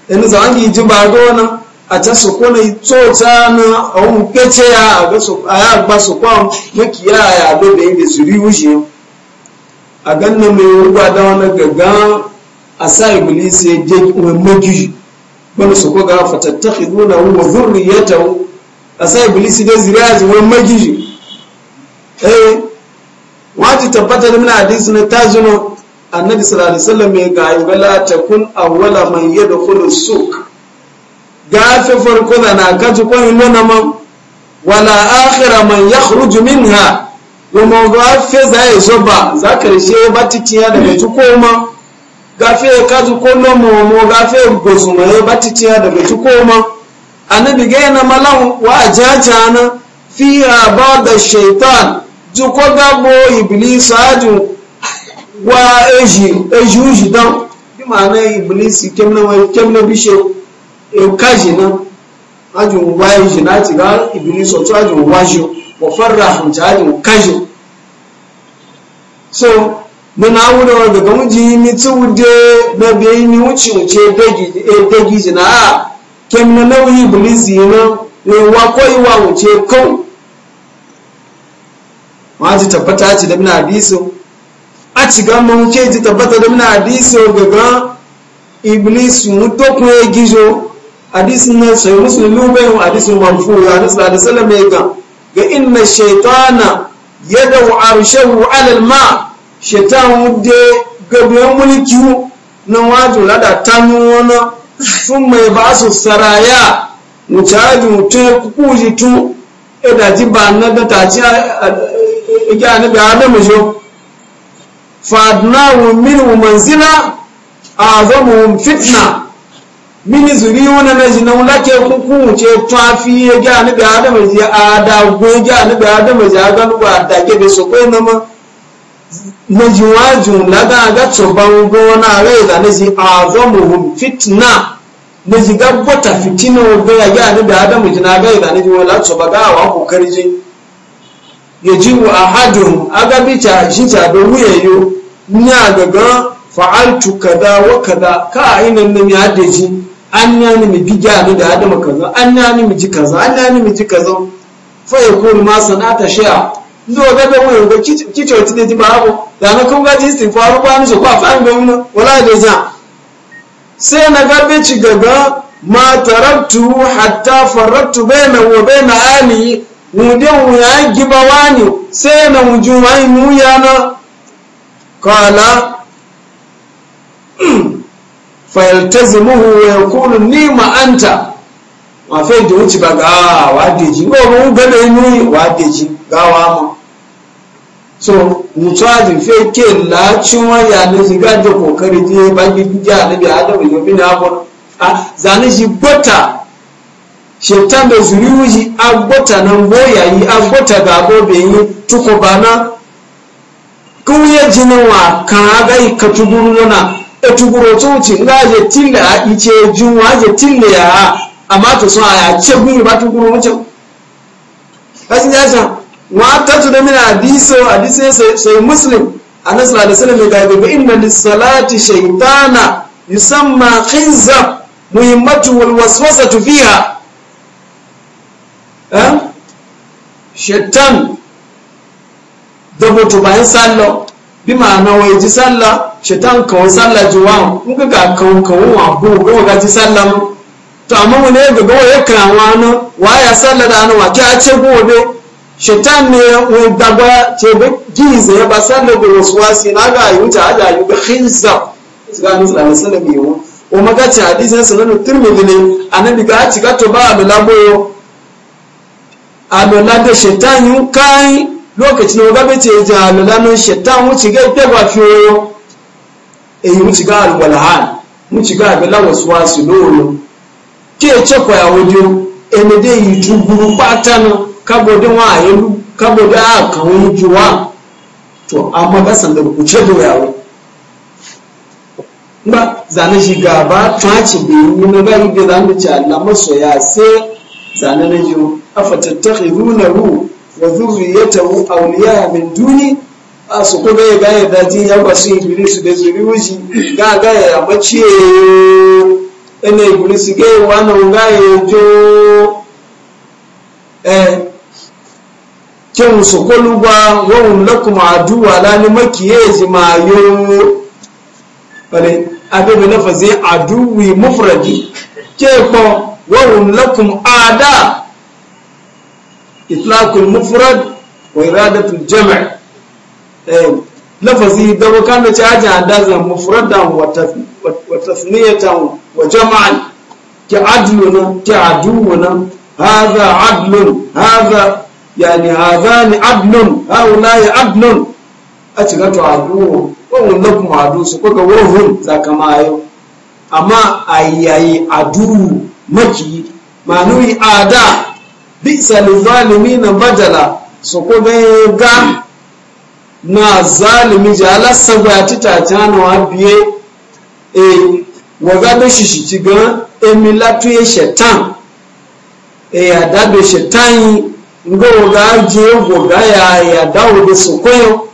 in za yi ji ba gona a ta su kuna tsota na ohun kece ya a ya gba su kwan maki ya ya dobe inda su ri wuce a ganna mai wurba da wani gaga a sa ibulisi ya je magi wani su ko ga fatattaki nuna wa zurriyata a sa ibulisi eh, da zuriya ji wani magi eh wati tabbatar mina hadisi na tazuno annabi sallallahu alaihi wasallam ya ga yi bala ta kun awwala man yadkhulu suq gafe farko da na gaji kun nuna man wala akhira man yakhruju minha yamma gafe za ya zo ba za karshe ba titiya daga tukoma gafe kaji kullu mu mu gafe gozuma ya ba titiya daga tukoma annabi ga yana malan wa ajajana fiha ba da shaitan juko gabo iblis ajun wa eji eji uji don bi ma'ana iblisi kemne wa kemne bishe e kaji na ajun wa eji na ti ga iblisi o ajun wa jo wa farrahum ta ajun kaji so nana awuna wa daga muji mi tsude na be mi wuce wuce dagi e dagi jina a kemne na wi iblisi na ne wa koi wa wuce kon ma ji tabbata ci da mina hadisin a ci gaman ke ji tabbata da muna hadisi gaga iblis mu to ku ya gizo hadisi na sai musulmi bai mu hadisi manfu ya hadisi da sallama ya ga ga inna shaytana yadau arshahu ala alma shaytan de gabiyan mulki na wajo lada tanu wana sun mai ba su saraya mu ya mutum kuji tu edaji ba na da taji ga ni ba da mu jo fadnahum minhu manzila azamuhum fitna mini zuri wona na jina wula ke kuku ce tafi ya ga ni da adam ya ada gwe ga ni da adam ya ga nu be so na ma na jiwa ju na ga ga to ba ngo na re da ni si azamuhum fitna ni ji ga bota fitina o ga ya ni da adam ji na ga da ni ji wala to ba ga wa ko kari ji yajiwu ahadum aga bi ta shi ta do ina daga fa'altu kaza wa kaza ka aina nan ya daji an ya mi bi ni da adama kaza an ya mi ji kaza an ya mi ji kaza fa ya kone ma sanata a ndo ga da mu ga kice wata da ji ba ko da na kun gaji istighfaru ba ni so ba fa ga mu wala da za sai na ga be ci gaga ma taraktu hatta farattu baina wa baina ali mu da mu ya gibawani sai na mu jumai mu yana kala فيلتزمه ويقول نيما nima ما في fe ji واديجي ba ga wa deji ni so mutaji fai ke la chuwa ya ne ga kokari je ba ji ja ne bi ada bi bi na ko a zani shi gota shetan da a agota nan a ga gobe yi na. kuye jinuwa kanagai katuguru nona etuguro tuti je tinda a ice junwa je tinda ya amma to so ya ce guri ba tuguru wuce kasin ya san wa ta tu da mina hadiso hadisi sai muslim anas la sallallahu alaihi wasallam ga inna lis-salati shaytana yusamma khinza muhimmatu wal waswasatu fiha eh shaitan dabo to bayan sallah bi na wai ji sallah shaitan kawo sallah ji wa in ga ga kawo kawo wa bu ga ga ji sallah mu to amma mu ne ga gawa kan wa na wa ya sallah da ana wa ki a ce be shaitan ne wa dagwa ce ba giza ya ba sallah da waswasi na ga yi wuta ada yi ga khinza ga nan sallah sallah mai yawa o maga ci hadisin sunan tirmidhi ne annabi ga ci ga to ba da labo a da shaitan yi kai lokacin wa gabe ce ji shaitan wuce ga ita ba oyo eyi wuce ga alwalhan wuce ga wasu wasu lori ke ce kwaya wajo ene yi ju guru patanu wa ayelu a kan juwa to amma ga sanda ku da yawo ba zane shi ba bai yi na ga da wa zurriyatahu awliya min duni a su kuma ya gaya dajin ya su iblis da zuriwuci ga gaya ya mace ina iblis ga yi wani ga ya jo eh kin su kuluba wa hum lakum aduwa la ni makiyeji ma yo bale abebe nafazi aduwi mufradi ke ko wa hum lakum ada itlaqul mufrad wa iradatul jam' lafazi da wakan da caji hadaza mufradan wa tasniyatan wa jam'an ki adluna ki aduwuna hadha adlun hadha yani hadhani adlun haulai adlun a cika to aduwo wawon lakum adu su kuka wahun zakamayo amma ayayi aduwu maki manuyi da. bisa lizalimi na bajala su kuma ga na zalimi ji alasa ba ti tatanuwa biye e waga da shi shi ci gan emilatu ya shetan e ya dado shetan yi nga waga je waga ya ya dawo da su koyo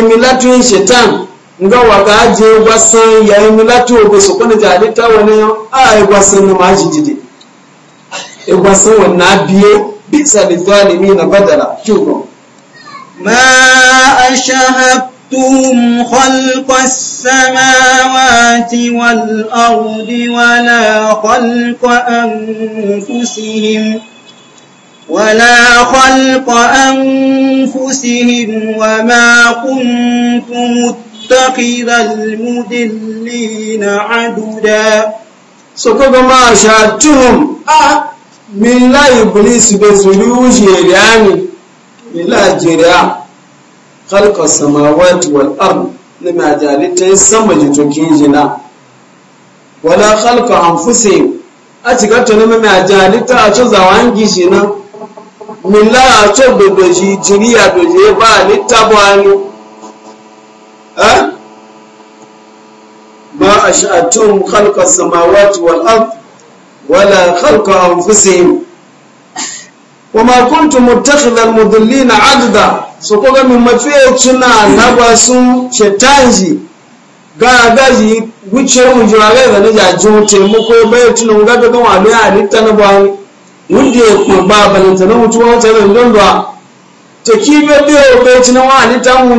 emilatu ya shetan nga waga je wasan ya emilatu ya su kuna jalita wani a ya wasan na majijide igwasan e wannan biye bisa da zalimi na badala kyugo ma a shahabtum khalqa samawati wal ardi wala khalqa anfusihim ولا خلق أنفسهم وما كنت متخذ المدلين عددا سكوكما شاتهم آه min la iblis be zuriu jeriyani min la jeriya khalqa samawati wal ard ne ma jalita sama ji to kinjina wala khalqa anfusihim a ti gato ne ma jalita a to zawangi jina min la a to gbogbo ji jiriya do je ba ni tabo anu eh ma ash'atum khalqa samawati wal ard ولا خلق أنفسهم وما كنت متخذ المضلين عددا سوكوغا من مفيه تنا نغواسون شتانجي gagaji wucewar mujiragai da na jajin taimako bai tunan gada gan wa mai halitta na ba wanda ya kuma ba balanta na mutuwa ta ran don ba to ki be biyo bai tunan wa halitta mu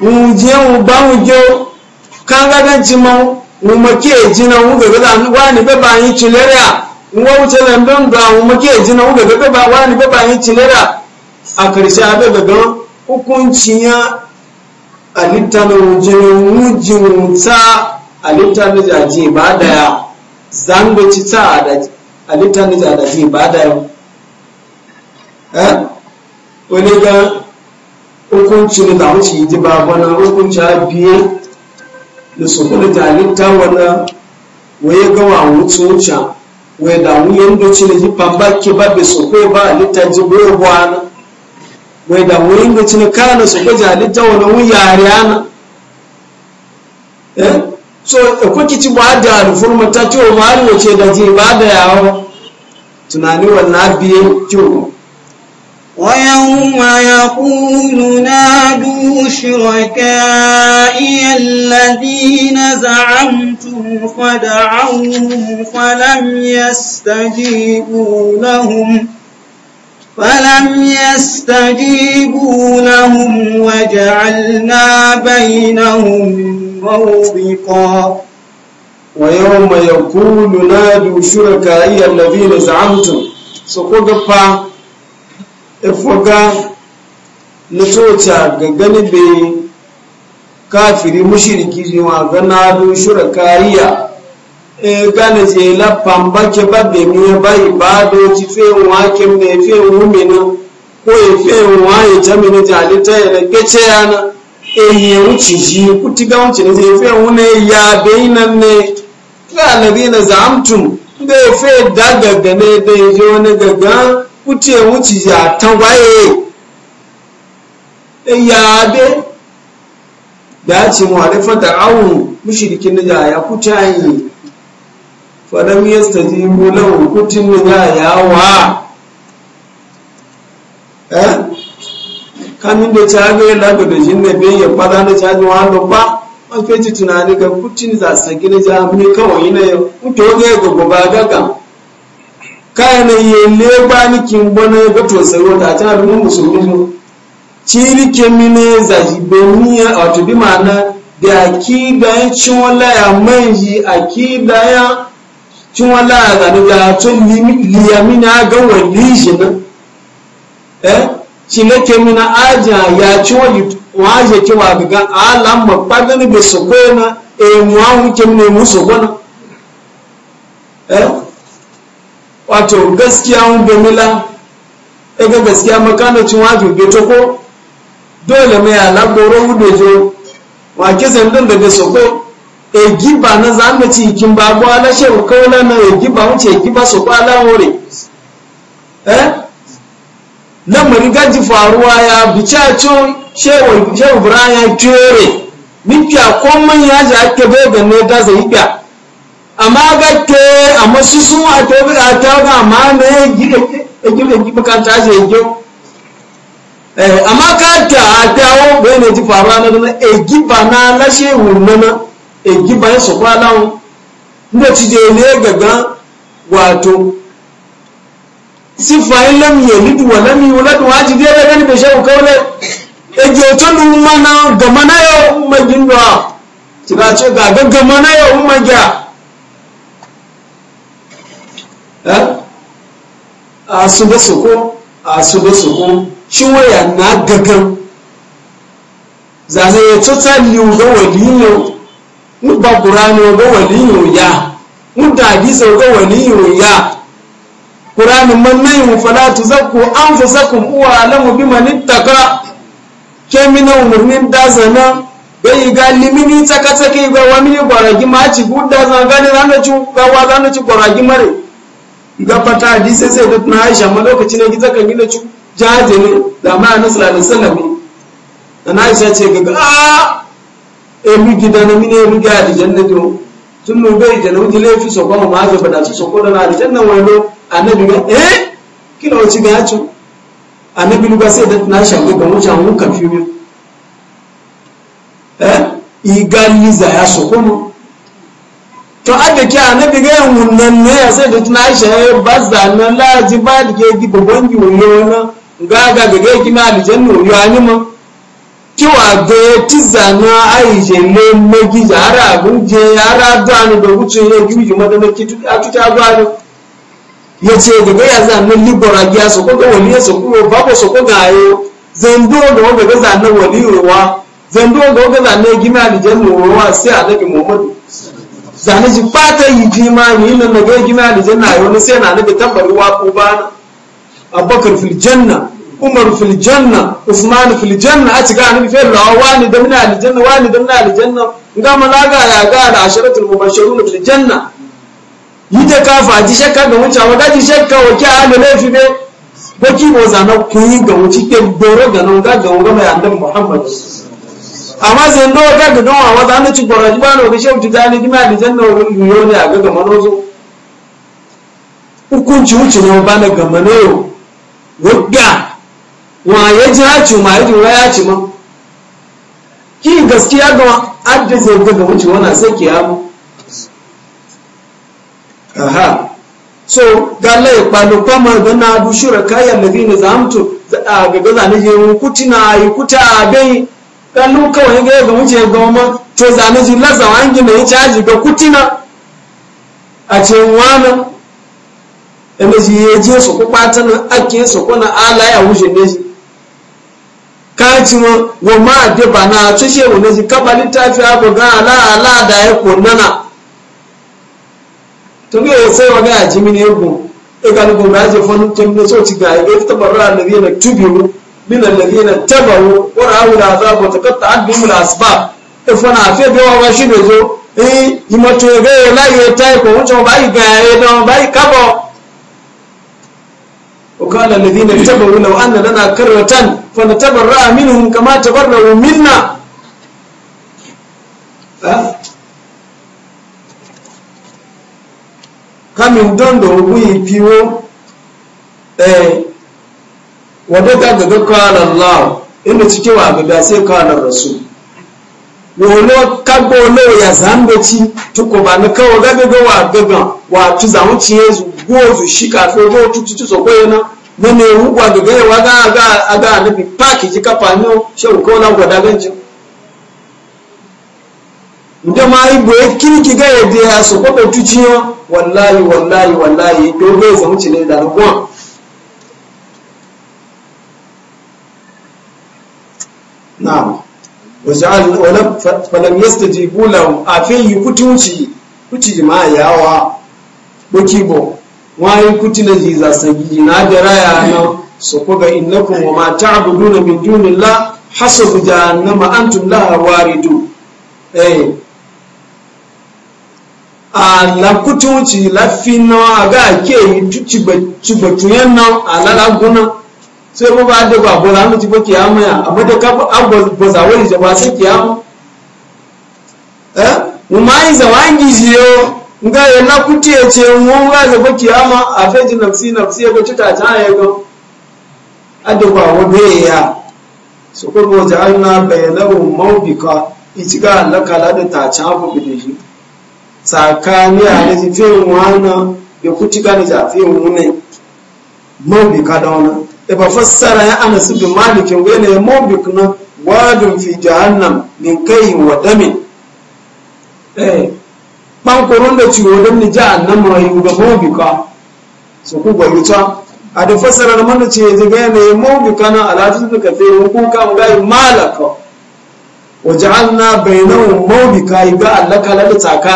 mu je mu ba mu je kan gagan ci Mu umake jina uga gaza wani baba yin cilera uwa wuce don ga umake jina uga gaza ba wani baba yin cilera a karshe abe gaga hukuncin ya alitta na wujin wujin ta alitta na jaji ba da ya zango ci ta alitta na jaji ba da wani ga hukuncin da wuce yi ji ba wani a biye da su kuma jalita wani waye gawa wuce wuce waye da wuyan doci na ji famba ke ba bai su kai ba halitta ji bai buwana waye da wuyan doci na kana su kai jalita wani wuyare ana eh so ko kici ba da alfurma ta ce wa mali wace da ji ba da yawo tunani wannan biye kyau ويوم يقول نادوا شركائي الذين زعمتم فدعوهم فلم يستجيبوا لهم فلم يستجيبوا لهم وجعلنا بينهم موبقا ويوم يقول نادوا شركائي الذين زعمتم سقطوا efoga na soja ga gani be kafiri mushiriki jiwa gana nadu shurakariya e gane je la pamba ke ba be mi ba ibado ti fe wa ke me fe wu mi na ko e fe wa e ta mi na jali ta e ke ce yana e ya wuci ji ku ga wuci ne je fe wu ne ya be nan ne ka na zamtum be fe daga gane da je wani gaga kuti ewu ti ya tangwaye ya abe ya ce mu halifa da awon mushirikin na yaya kuti anyi fadam yastajibu lahu kutin na yaya wa eh kamin da ta ga yana da dajin na be ya fada na ta jiwa da ba an fece tunani ga kutin za sa gina jami'i kawai ne ko to ga gogo ba gaga kaya na iye legba ni kin bana ga to saro da ta bi mun musulmi mu ciri ke mine za ji bemiya wato bi ma'ana da aki ya cin wala ya manji akida ya cin wala ya zanu da to liyamina ga wani shi na eh shi ne ke mina aja ya ci wani waje ki wa ga alam ma padani be sokona e mu an ke mine mu eh wato gaskiya mun ga mila ga gaskiya makana cin wajo be to ko dole mai alaboro hudo jo wa kisan din da da soko e na zamu ci kin ba e e ko ala she ko la na e wuce mu soko giba ala hore na mariga ji faruwa ya bicacho shewa shewa ibrahim tere min kya komai ya ja ake bai ga ne da zai amma gakke amma su sun a tobi da ta ga ma ne gida e e makanta ce yankin eh, amma ka ta dawo bai ne ji faruwa na dana egiba na e lashe wurnana egiba ya sokwa lawon inda ci je ne gaga wato sifa lam yalid wa lam yulad wa ji dai gani be shawo kawle ege to dum mana ga mana yo magin do ci ga ce ga ga mana yo magya a su ba su ko a su ba su ko shi waya na gagan zazen ya tata liyu ga waliyo mu ba qur'ani ga waliyo ya mu da hadisi ga waliyo ya qur'ani man nayi mu fala tuzakku anfusakum huwa alamu biman ittaka ke mina umurnin da zana yi ga limini tsaka tsaka ga wani gwaragi ma ci gudda zan gani ranar ci gawa ranar ci gwaragi mare gabata hadisi sai da na Aisha amma lokacin da gita kan gina ci jaje ne da ma Annabi sallallahu alaihi wasallam na Aisha ce ga a ah, e eh, mi gida na ne mi ga da jannati tun mu bai da nauji lafi so kuma ma ga bada so ko da na jannan wando annabi ga eh kina wuce ga ci annabi ga sai da na Aisha ga mu ja mu kan fi eh igaliza ya so kuma to adake anabi ga yin nan ne ya sai da tuna aisha ya bazza na laji ba da ke gi babban yoyo na gaga ga ga kina aljanna yoyo ani ma kiwa ga tiza na je le megi yara guje yara da ni da wuce ne gimi ma da ki a tuta ba ni ya ce daga ya za na libora giya so ko ga wali ya so ko ba ko so ko ga yo zando da ga za na wali ruwa zando ga ga za na gimi aljanna ruwa sai annabi muhammadu zane ji fata yi ma jimani yin nan daga gina da janna yau na sai na nabi tabbari wa ku bana abubakar fil janna umar fil janna usman fil janna a cika nabi fil wa ni da muna wa ni da muna aljanna ga malaga ya ga da asharatul mubashirun fil janna yi ta kafa ji shakka ga wuce wa gaji shakka wa ki ahli laifi be baki bo zana kun yi ga wuce ke boro ga nan ga ga mai annabi muhammad amma zan do ga ga don wa zan da ci gora ji bana ga shehu tijani dima da janna wa yo ne a ga ga manozo hukunci wuce ne bana ga manoyo wadda wa ya ji haci ma ya ji wa ya ci ma ki gaskiya ga adda zai ga wuce wannan sai ki yamu aha so ga la ya kwalo kwamar da na bushura kayan da zai na zamtu ga gaza na je kutina yi kuta bai kallu kawai ga ga wuce goma to zane ji laza wangi mai caji ga kutina a cikin wani inda ji ya je su kuɓa ta nan ake su kuna ala ya wuce ne shi kaci wa wa ma a ba na ta ce wa ne kaba littafi abu ga ala ala da ya kunana to ne sai wa ga a jimi ne gun ɗaga ni gun da ya je fani kemgbe so ci ga ya ga ita barra da biyu na tubiru من الذين اتبعوا ورأوا العذاب وتقطعت بهم الأسباب إفنا في بيوا وشيب يزو إيه يمتوغي لا يتايكو وانتو باي غايدو باي كابو وقال الذين اتبعوا لو أن لنا كرة فنتبرأ منهم كما تبرأوا منا kamin dondo wuyi piwo eh wadda ta ga ga kwana Allah inda cikin wa ga ga sai kwana rasu. wolo kagbo lo ya zambe ci tuko ba na kawo gaga wa gaga wa tu zamu ci yezu gozu shi kafin fe go tu tu so ko yana na ne wu gwa ga ga ga ga na bi paki ji ka pa no she ko na gwa daga ji nde ma ibo e kini ki ga ya de aso ko tu ci yo wallahi wallahi wallahi to go zamu ci ne da gwa na'am wajen wani falon yasta jibulan a na jiza sabi na raya na su kuga innakun wa ma ta'buduna min dunillah hasabu jahannama antum laha waridu eh ala kutunci lafina ga ke yi tuci batuyen nan ala laguna sai kuma an da ba boza mu ci ba kiyama ya amma da ka an boza wani da ba sai kiyama eh mu mai zawangi jiyo nga ya na kuti ya ce mu ga da ba kiyama a feji nafsi nafsi ya goci ta ta ya go da wa be ya su ko bo ja'alna bayanahum mawbika ichiga Allah kala da ta cha ku bi shi tsakani a ne ji ya kuti ga da kutika da mu ne mawbika da wannan ba fassara ya su bin malik wani ya mobik na wadun fi jahannam min kai wa dami eh koron da ciwo don ni jahannam wa yi ga ka su ku ta a da fassara na mana ce ya ga yana ya mobika na alatun da kafe hukuka mu gayi malaka wa ja'alna bainahum yi ga allaka la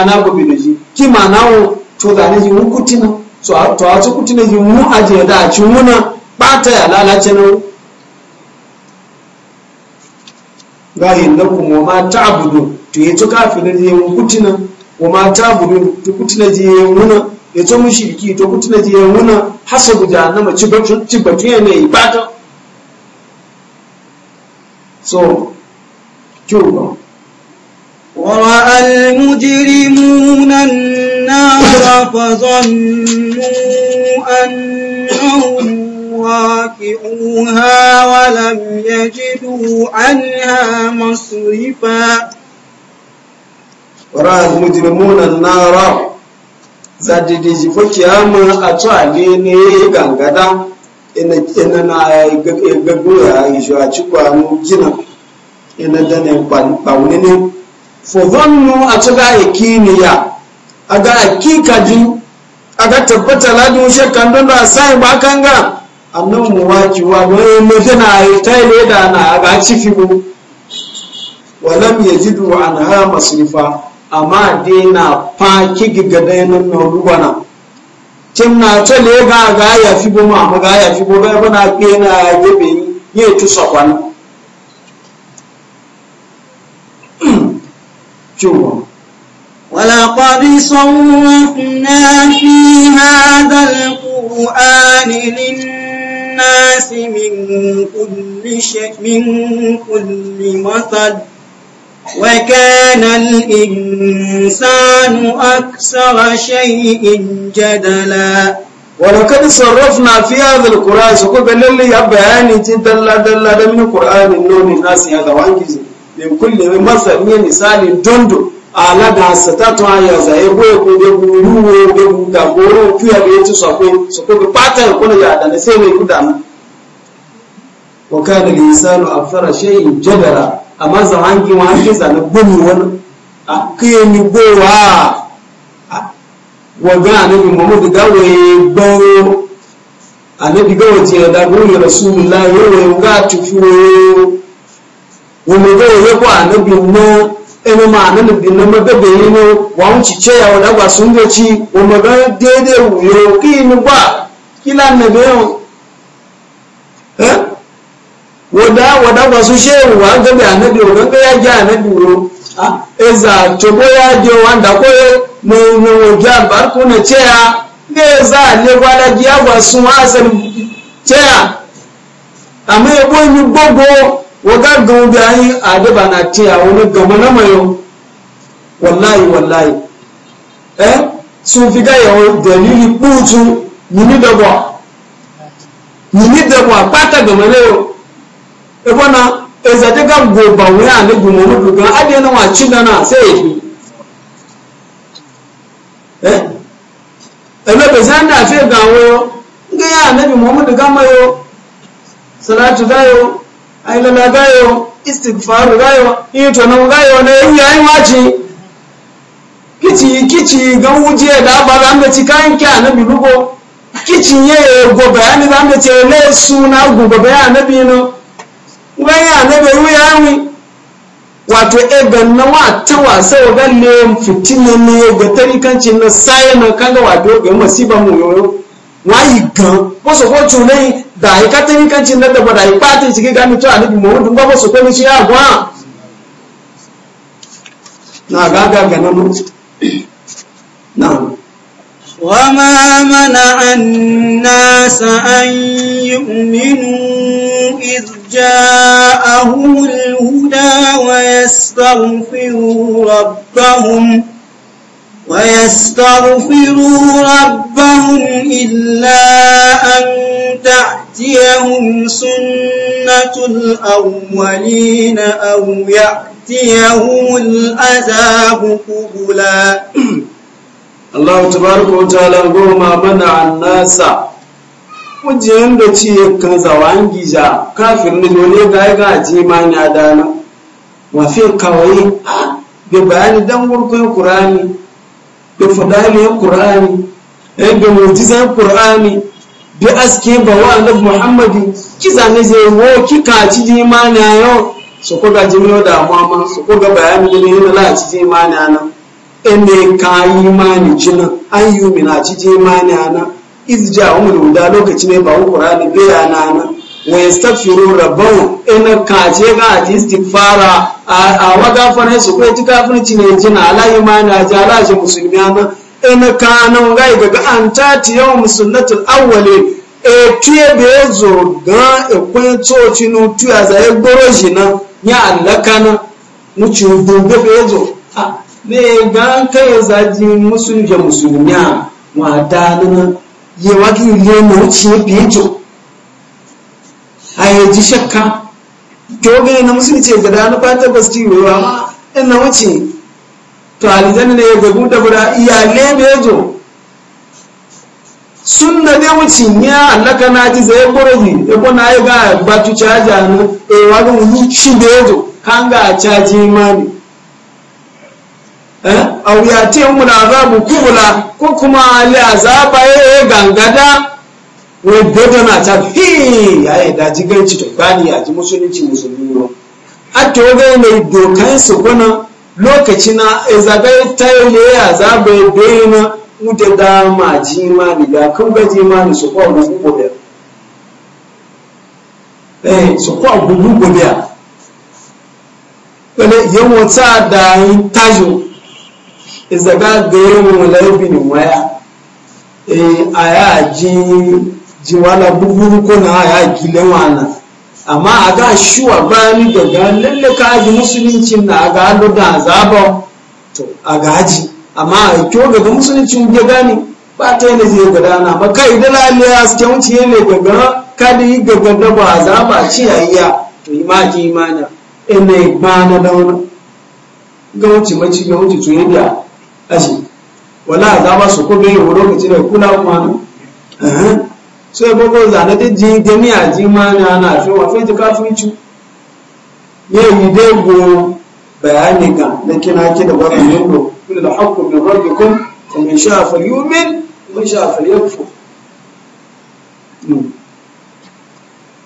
na gobe da shi kima nawo to da ne hukutina so to a kutina ji mu aje da a ci muna ɓata ya lalace nan gahin lakum wa ma ta abudu to yato kafirin je mun kutina wa ma ta abudu to kutina Ya muna yato shirki to kutina je muna hasabu jahannama ci batu ci batu ya ne ibada so kyuba ورأى المجرمون النار فظنوا أنهم واقعوها ولم يجدوا عنها مصرفا ورأى المجرمون النار zadidiji fo kiyama a tsale ne gangada ina ina na gaggo ya isho a cikwa gina ina da ne bauni ne fo zannu a tsaga ikiniya aga hakika ji aga tabbata ladin shakkan don da sai ba kanga annan muwaki wa don mafi na haifta da na ga cifi mu walam ya ji duwa an ha masrifa amma dai na faki gigada nan na rubana tim na ta le ga ga ya fi bu ma amma ga ya fi bu ga bana ke na gebe ye tu sakwan chuwa ولقد صوفنا في هذا القرآن للناس الناس من كل شيء من كل مثل وكان الإنسان أكثر شيء جدلا ولقد صرفنا في هذا القرآن سكوك للي يبعاني جدلا دلا من القرآن النوم الناس هذا وانكز من كل مثل من مثال دندو ala da satatu aya za ebo ebo bebu ruwo bebu da goro tuya da yace sako sako bi pata ya kuna ya da sai mai kudana wa kana al-insanu shay'in jadara amma wa hanki za na wani ni gowa wa ga annabi Muhammad ga annabi ga da rasulullahi ga ga ko annabi ẹnu máa nínú ìbínú mọ́gbẹ́gbẹ́ yìí ni wọ́n ń ṣiṣẹ́ àwọn àgbà súnmọ́tì òmùgán déédéé wùyọ kí inú gbà kí lánàá mìíràn wòdà wòdà gbàsó ṣé wà á ànábì ògán gbé yá ànábì wò ó ẹzà tókó yá jẹ wà ndàkó yẹ ní ní òjò àbárkù ní tíyà ní àṣẹ àmì ẹgbẹ́ gbogbo. waga gamu bi ayi adaba na tiya wani gama na mayo wallahi wallahi eh sun fi ga yawo dalili butu nini dabwa nini dabwa pata gama na yo ebo na ezade ga goba wani ane gumo mu dukan ade na wa ci dana sai yi eh ebe bezan da fe gawo ga ya annabi muhammadu gama yo salatu da yau. ailala gayo istighfaru gayo itona gayo ne yayi maji kici kici ga wuje da ba ran da cikan ki annabi lugo kici ye go bayani ran da ce le suna go go bayani annabi no ngai annabi yi yayi wato e ganna wa ta wasa wa galle fitina ne ga kan tarikanci na sai na kaga wato ga masiba mu yo wayi gan ko so ko tunai da aikatan kancin na daba da aikatan shi gika mutu a mu mawudu ba ba su kwanu shi ya gwa na ga gaga gana mu na wa ma mana an na sa an yi uminu irja ahuhul huda wa yasta rabbahum. rabba ويستغفروا ربهم إلا أن تأتيهم سنة الأولين أو يأتيهم العذاب قبلا الله تبارك وتعالى قوما منع الناس wajen da ci ya kan zawan gija kafin ne dole ga ga ji ma na dana mafi kawai da bayani dan gurkun qur'ani da fadaliyar ƙur'ani da mujizan ƙur'ani da aske ba wa annabi muhammadu kiza ne zai wo kika ci ji mana yau su ko ga jimiyo da mama su ko ga bayani ne yana la ci ji mana nan ka yi mani jina an yi umina ci ji mana nan izja umul huda lokaci ne ba ƙur'ani bayana nan wa yastaghfiru rabbahu in ka je ga istighfara a waga fara su ko ti kafirci ne jina ala imani ja ala ji musulmi ana in ka nan ga ga an ta ti yawm sunnatul awwali e tuye be zo ga e kun tsoci nu tuya za e gboro jina ya allaka na mu ci dubu be zo ne ga kai za ji musulmi musulmi ma da nan ye wagi le mu ci bi jo ji shakka to ga na ce ga dana fata ba su ci amma in na wuce to alidan ne ya gagu da bura iyale bejo sunna ne wuce ya allaka na ji zai koroji ya na ya ga batu caja no e eh, wa ga mu shi bejo kan ga caji imani eh awiya ya te mu na azabu kubula ko kuma ali azaba ya gangada wọ́n gbọ́dọ̀ náà ta hii ya yi daji ganci to bani ya ji musulunci a to mai dokan su kuna lokaci na izagai ta yi ne zaba ya bayi na uda dama ji ma ni da kan gaji ma ni su kwa gugu gobe eh su kwa gugu gobe wani yawon ta da yi tajo izaga ga yawon laifin waya eh a yaji jiwala buhuru ko na ya gilan wana amma a ga shuwa bani daga lalle ka aji musuluncin na ga halu da azaba to a ga aji amma a kyo daga musuluncin ya gani ba ta yi na zai gada na ba kai da lalle ya suke wuce ne daga kada yi gaga da ba azaba ci a iya to yi maji imana ina yi gbana e da wani ga wuce maci ga wuce tuni da aji wala azaba su ko bai yi lokaci da kula kuma so ya bako zane ta ji gami a ji mani ana shi wa fi kafirci ya yi dai go bayani ga na kina ki da wannan yanko kul da haqqu min rabbikum mai min sha'a falyu'min wa sha'a falyakfur hmm.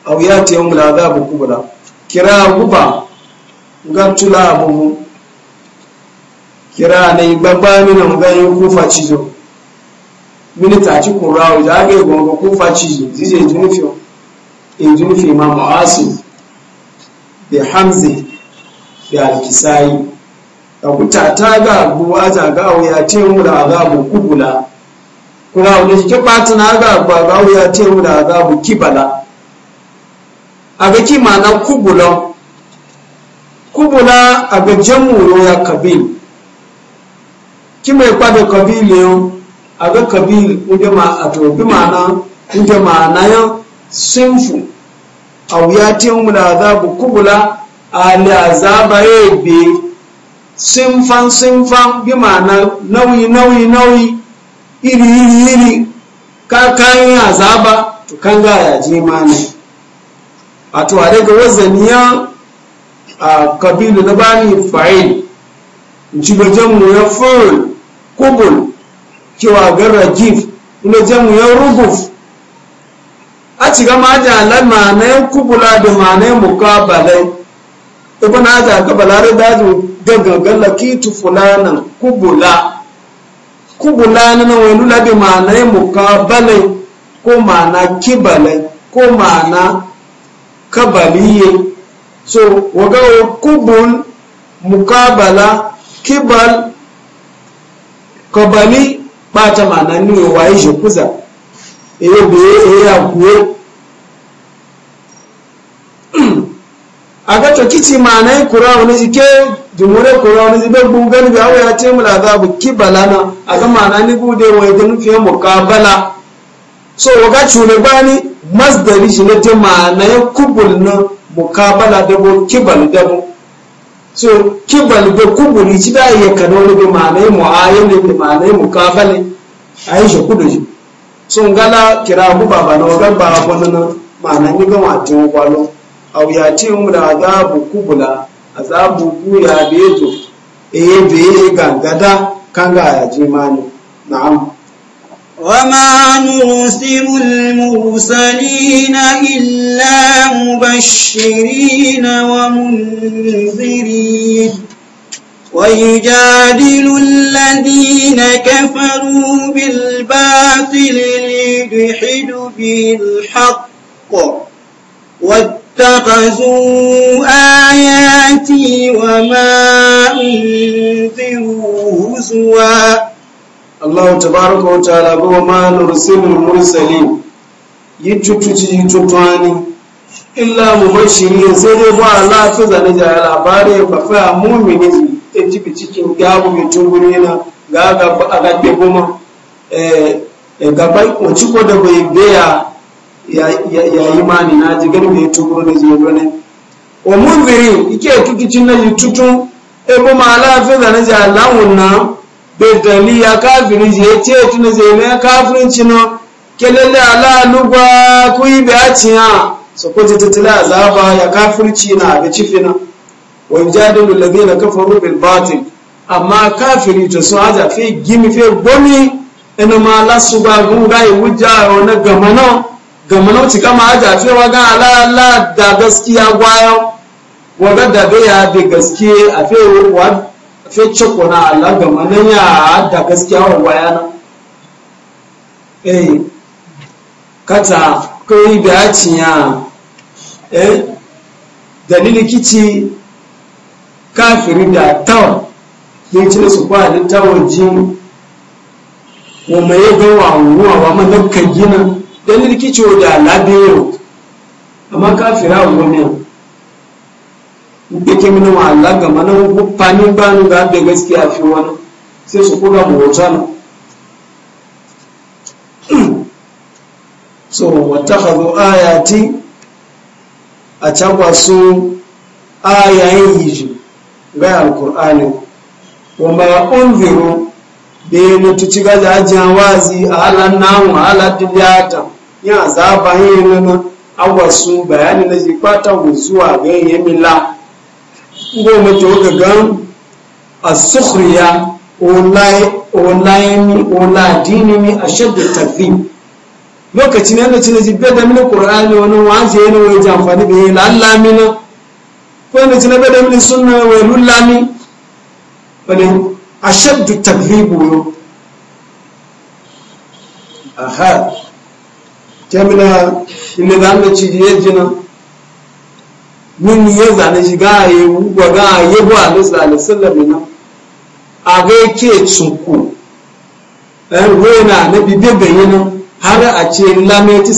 aw yati yawm al-adhab kubra kira guba tula abubu kira ne babba mina ga yi kufa cizo minita ci kura da aka yi faci kufa zai zije ji nufi ma ma'asu da hamze da alkisayi da kuta ta ga abu ta ga wuya ce mura a gabu kubula kuna wani jikin bata na ga abu ga wuya ce mura a gabu kibala a ga kima na kubula kubula a ga jamuro ya kabil kima ya kwado kabilin aga kabil ujama ato na ujama ya sinfu aw yatin mu azabu kubula ali azaba ebe sinfan sinfan bimana nauyi nauyi nauyi iri iri iri ka kayan azaba to kan ga ya je mana ato a daga wazaniya a kabilu na bani fa'il jibajen mu ya ful kubul cewa ga ragif ina jamu ya ruguf a ci gama da alama na yin kubula da mana yin mukabalai ibn aja ga balare dajin gaggagan lakitu fulanan kubula kubula na wani lula da mana yin mukabalai ko mana kibalai ko mana kabaliye so waga kubul mukabala kibal kabali ta ma'ana ni wa waye shi kuza ebe beye eye akuwe agacho ma'ana yi kura wani jike kura wani zibe gugani ga awa ya ce mu da bu kibala na aga ma'ana ni gude wa ita nufi mukabala so waga cune bani masdari shi na ta ma'ana ya kubul na mukabala dabo kibal dabo so kibal be kubuli ci ba ya kano ne be manai mu ayin ne be mu kafale ayin shi kudu ji so ngala kira ku baba na ga ba bono na mana ni ga wato kwalo au ya ci mu da azabu kubula azabu ku ya be to e be gangada kanga ya ji mani na'am وما نرسل المرسلين إلا مبشرين ومنذرين ويجادل الذين كفروا بالباطل ليجحدوا به الحق واتخذوا آياتي وما أنذروا هزواً Allah tabaraka wa ta'ala ba wa ma nursilul mursalin yi yi cutuci tutwani illa mu mashiri sai dai ba lafi zane da labari ba fa mu'mini ta jibi cikin gabu mai tunguri na ga ga a gabe goma eh, eh gaba wacce ko da bai beya ya yi mani na ji gani mai tunguri da zai dole o munziri ike tutucin na yi tutun ebo ma lafi zane da lawun na bedali ya kafiri ya ce tuna je me kafirin cino kelele ala lugwa kuyi be atiya so ko titila azaba ya kafirci na ga cifina wa yujadilu alladhina kafaru bil batil amma kafiri ta so aja fi gimi fi gomi ina ma la suba gunga yi wujja na gamano gamano ti kama fi wa ga ala da gaskiya gwayo wa ga da be ya be gaskiye a fi wa fece kuna ala gama manaya da gaskiya wa waya nan eh kata kai biya ciya eh dalili kici kafiri da tawa ya ci su ba da tawon jin wa mai ya ga wa ruwa wa man da gina dalilin kici da labiyo amma kafira wa mai ita mini wahala ga mana fani banu ga da gaskiya fi wani sai su kuga wata na so wata hazo ayati a cagwa su ayayin yiji ga alkur'ani wanda unziru da ya mutu ci gaja ajiyar wazi a halar namu a halar dubiyata ya zaba yin nuna wasu bayani na jikwata zuwa ga yin yamila goma ta wuka gan a sukhriya olaini ni a shadda tafi lokacin ne cin ji bai da mini ƙorani wani waje yana wani jamfani da yi lallami na ko yana cin bai da mini suna wani lullami wani a shadda tafi buyo aha kemina ilidan da ci da na. min ya zane shi ga ya wa ga ya bu alisa alisallam ina a ga ke tsuku ɗan ruwa na bibi gayi nan har a ce lameti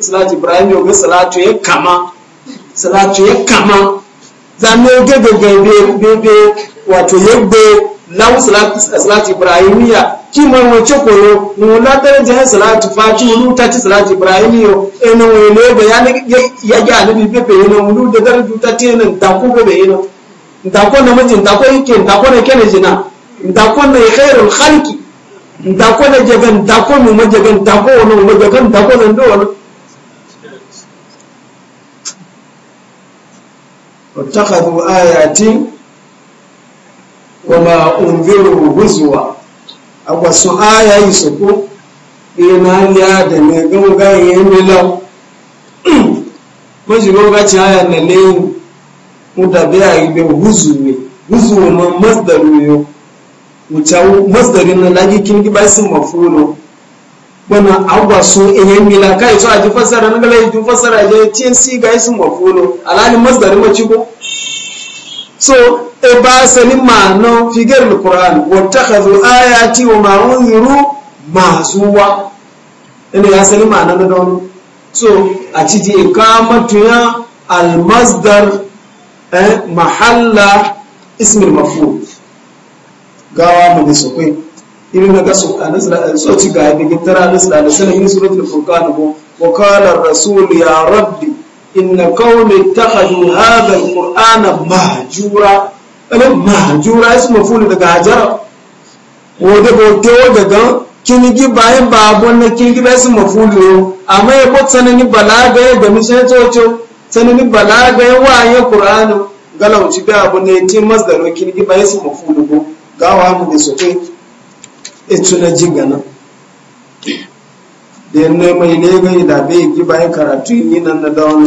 salatu ibrahim ya ga salatu ya kama salatu ya kama zane ga ga ga wato ya lawu salati ibrahimiya ki man wace koyo mu la daraja salati fati mu ta ci salati ibrahimiyo eno we ne bayani ya ga nabi be be eno mu da daraja ta ti eno ta ko be eno ta ko na miji ta ko yake ta ko ne kene jina ta ko ne khairul khalqi ta ko ne jagan ta ko mu majagan ta ko no majagan ta ko nan do واتخذوا آياتي wama unziru huzwa agwa so aya isoko ina ya da ne gamu ga yemi law maji go ga ci aya na ne mutabe ayi be huzu ne huzu ma masdaru yo mutawu masdarin na lagi kin gi ba sun mafulo bana agwa so iya la kai so aji fasara na gala yi fasara je tin si ga sun mafulo alani masdarin ma ci go so e ba sani ma'anan figar da ƙura'an wata ka zo ayati wa ma unziru mazuwa wa ina ya sani ma'anan na don so a ciki al masdar eh, mahalla ism ismir mafu gawa mu ne so sokwai irin na ga sokwai so ci ga ya bigin tara nasu da sanin yin suratul furqan ko qala rasul ya rabbi inna qaumi ittakhadhu hadha alqur'ana mahjura alam mahjura ismu fulu daga hajara wo de daga kini gi bayan babon na kini gi basu mafulu yo amma ya bot sanani balaga ya gami sai coco sanani balaga ya waye qur'anu galau ci da ne ti masdaro kini gi bayan su mafulu go gawa mu da soke e tuna jigana da ne mai ne ga da bai gi bayan karatu ni nan da dawo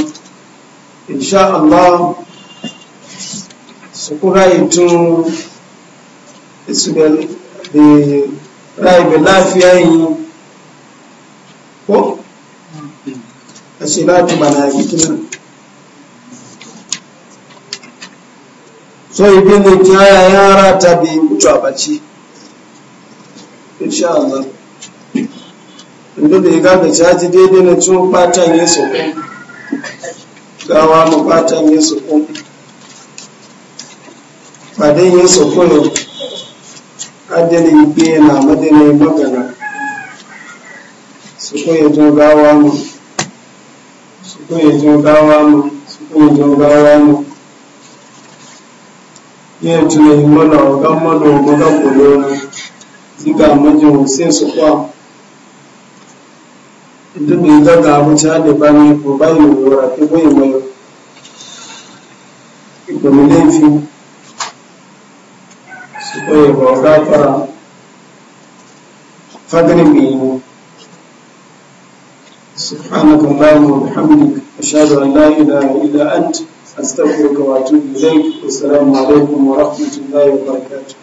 insha Allah su ku rayu tun su da rayu lafiya yi ko a shiratu ba na gikinan so ibi ne kyaya yara ta bi mutu a bacci insha Allah inda da ya gaba caji daidai na cin fata yin sauƙi gawa mabatan yin sukun fadin yin sukun adini biye na madini magana sukun yi jin gawa mu sukun yi jin gawa mu sukun yi jin gawa mu yin tunayi mana ogan mana ogan kulo na zika majin sai su kwa duk da ita ta wuce da bani ko bani wura ke bai mai ita mu laifi su bai ba ga fara fadrin bi mu subhanaka allahumma wa bihamdika ashhadu an la ilaha illa anta astaghfiruka wa atubu ilayk assalamu alaikum wa rahmatullahi wa barakatuh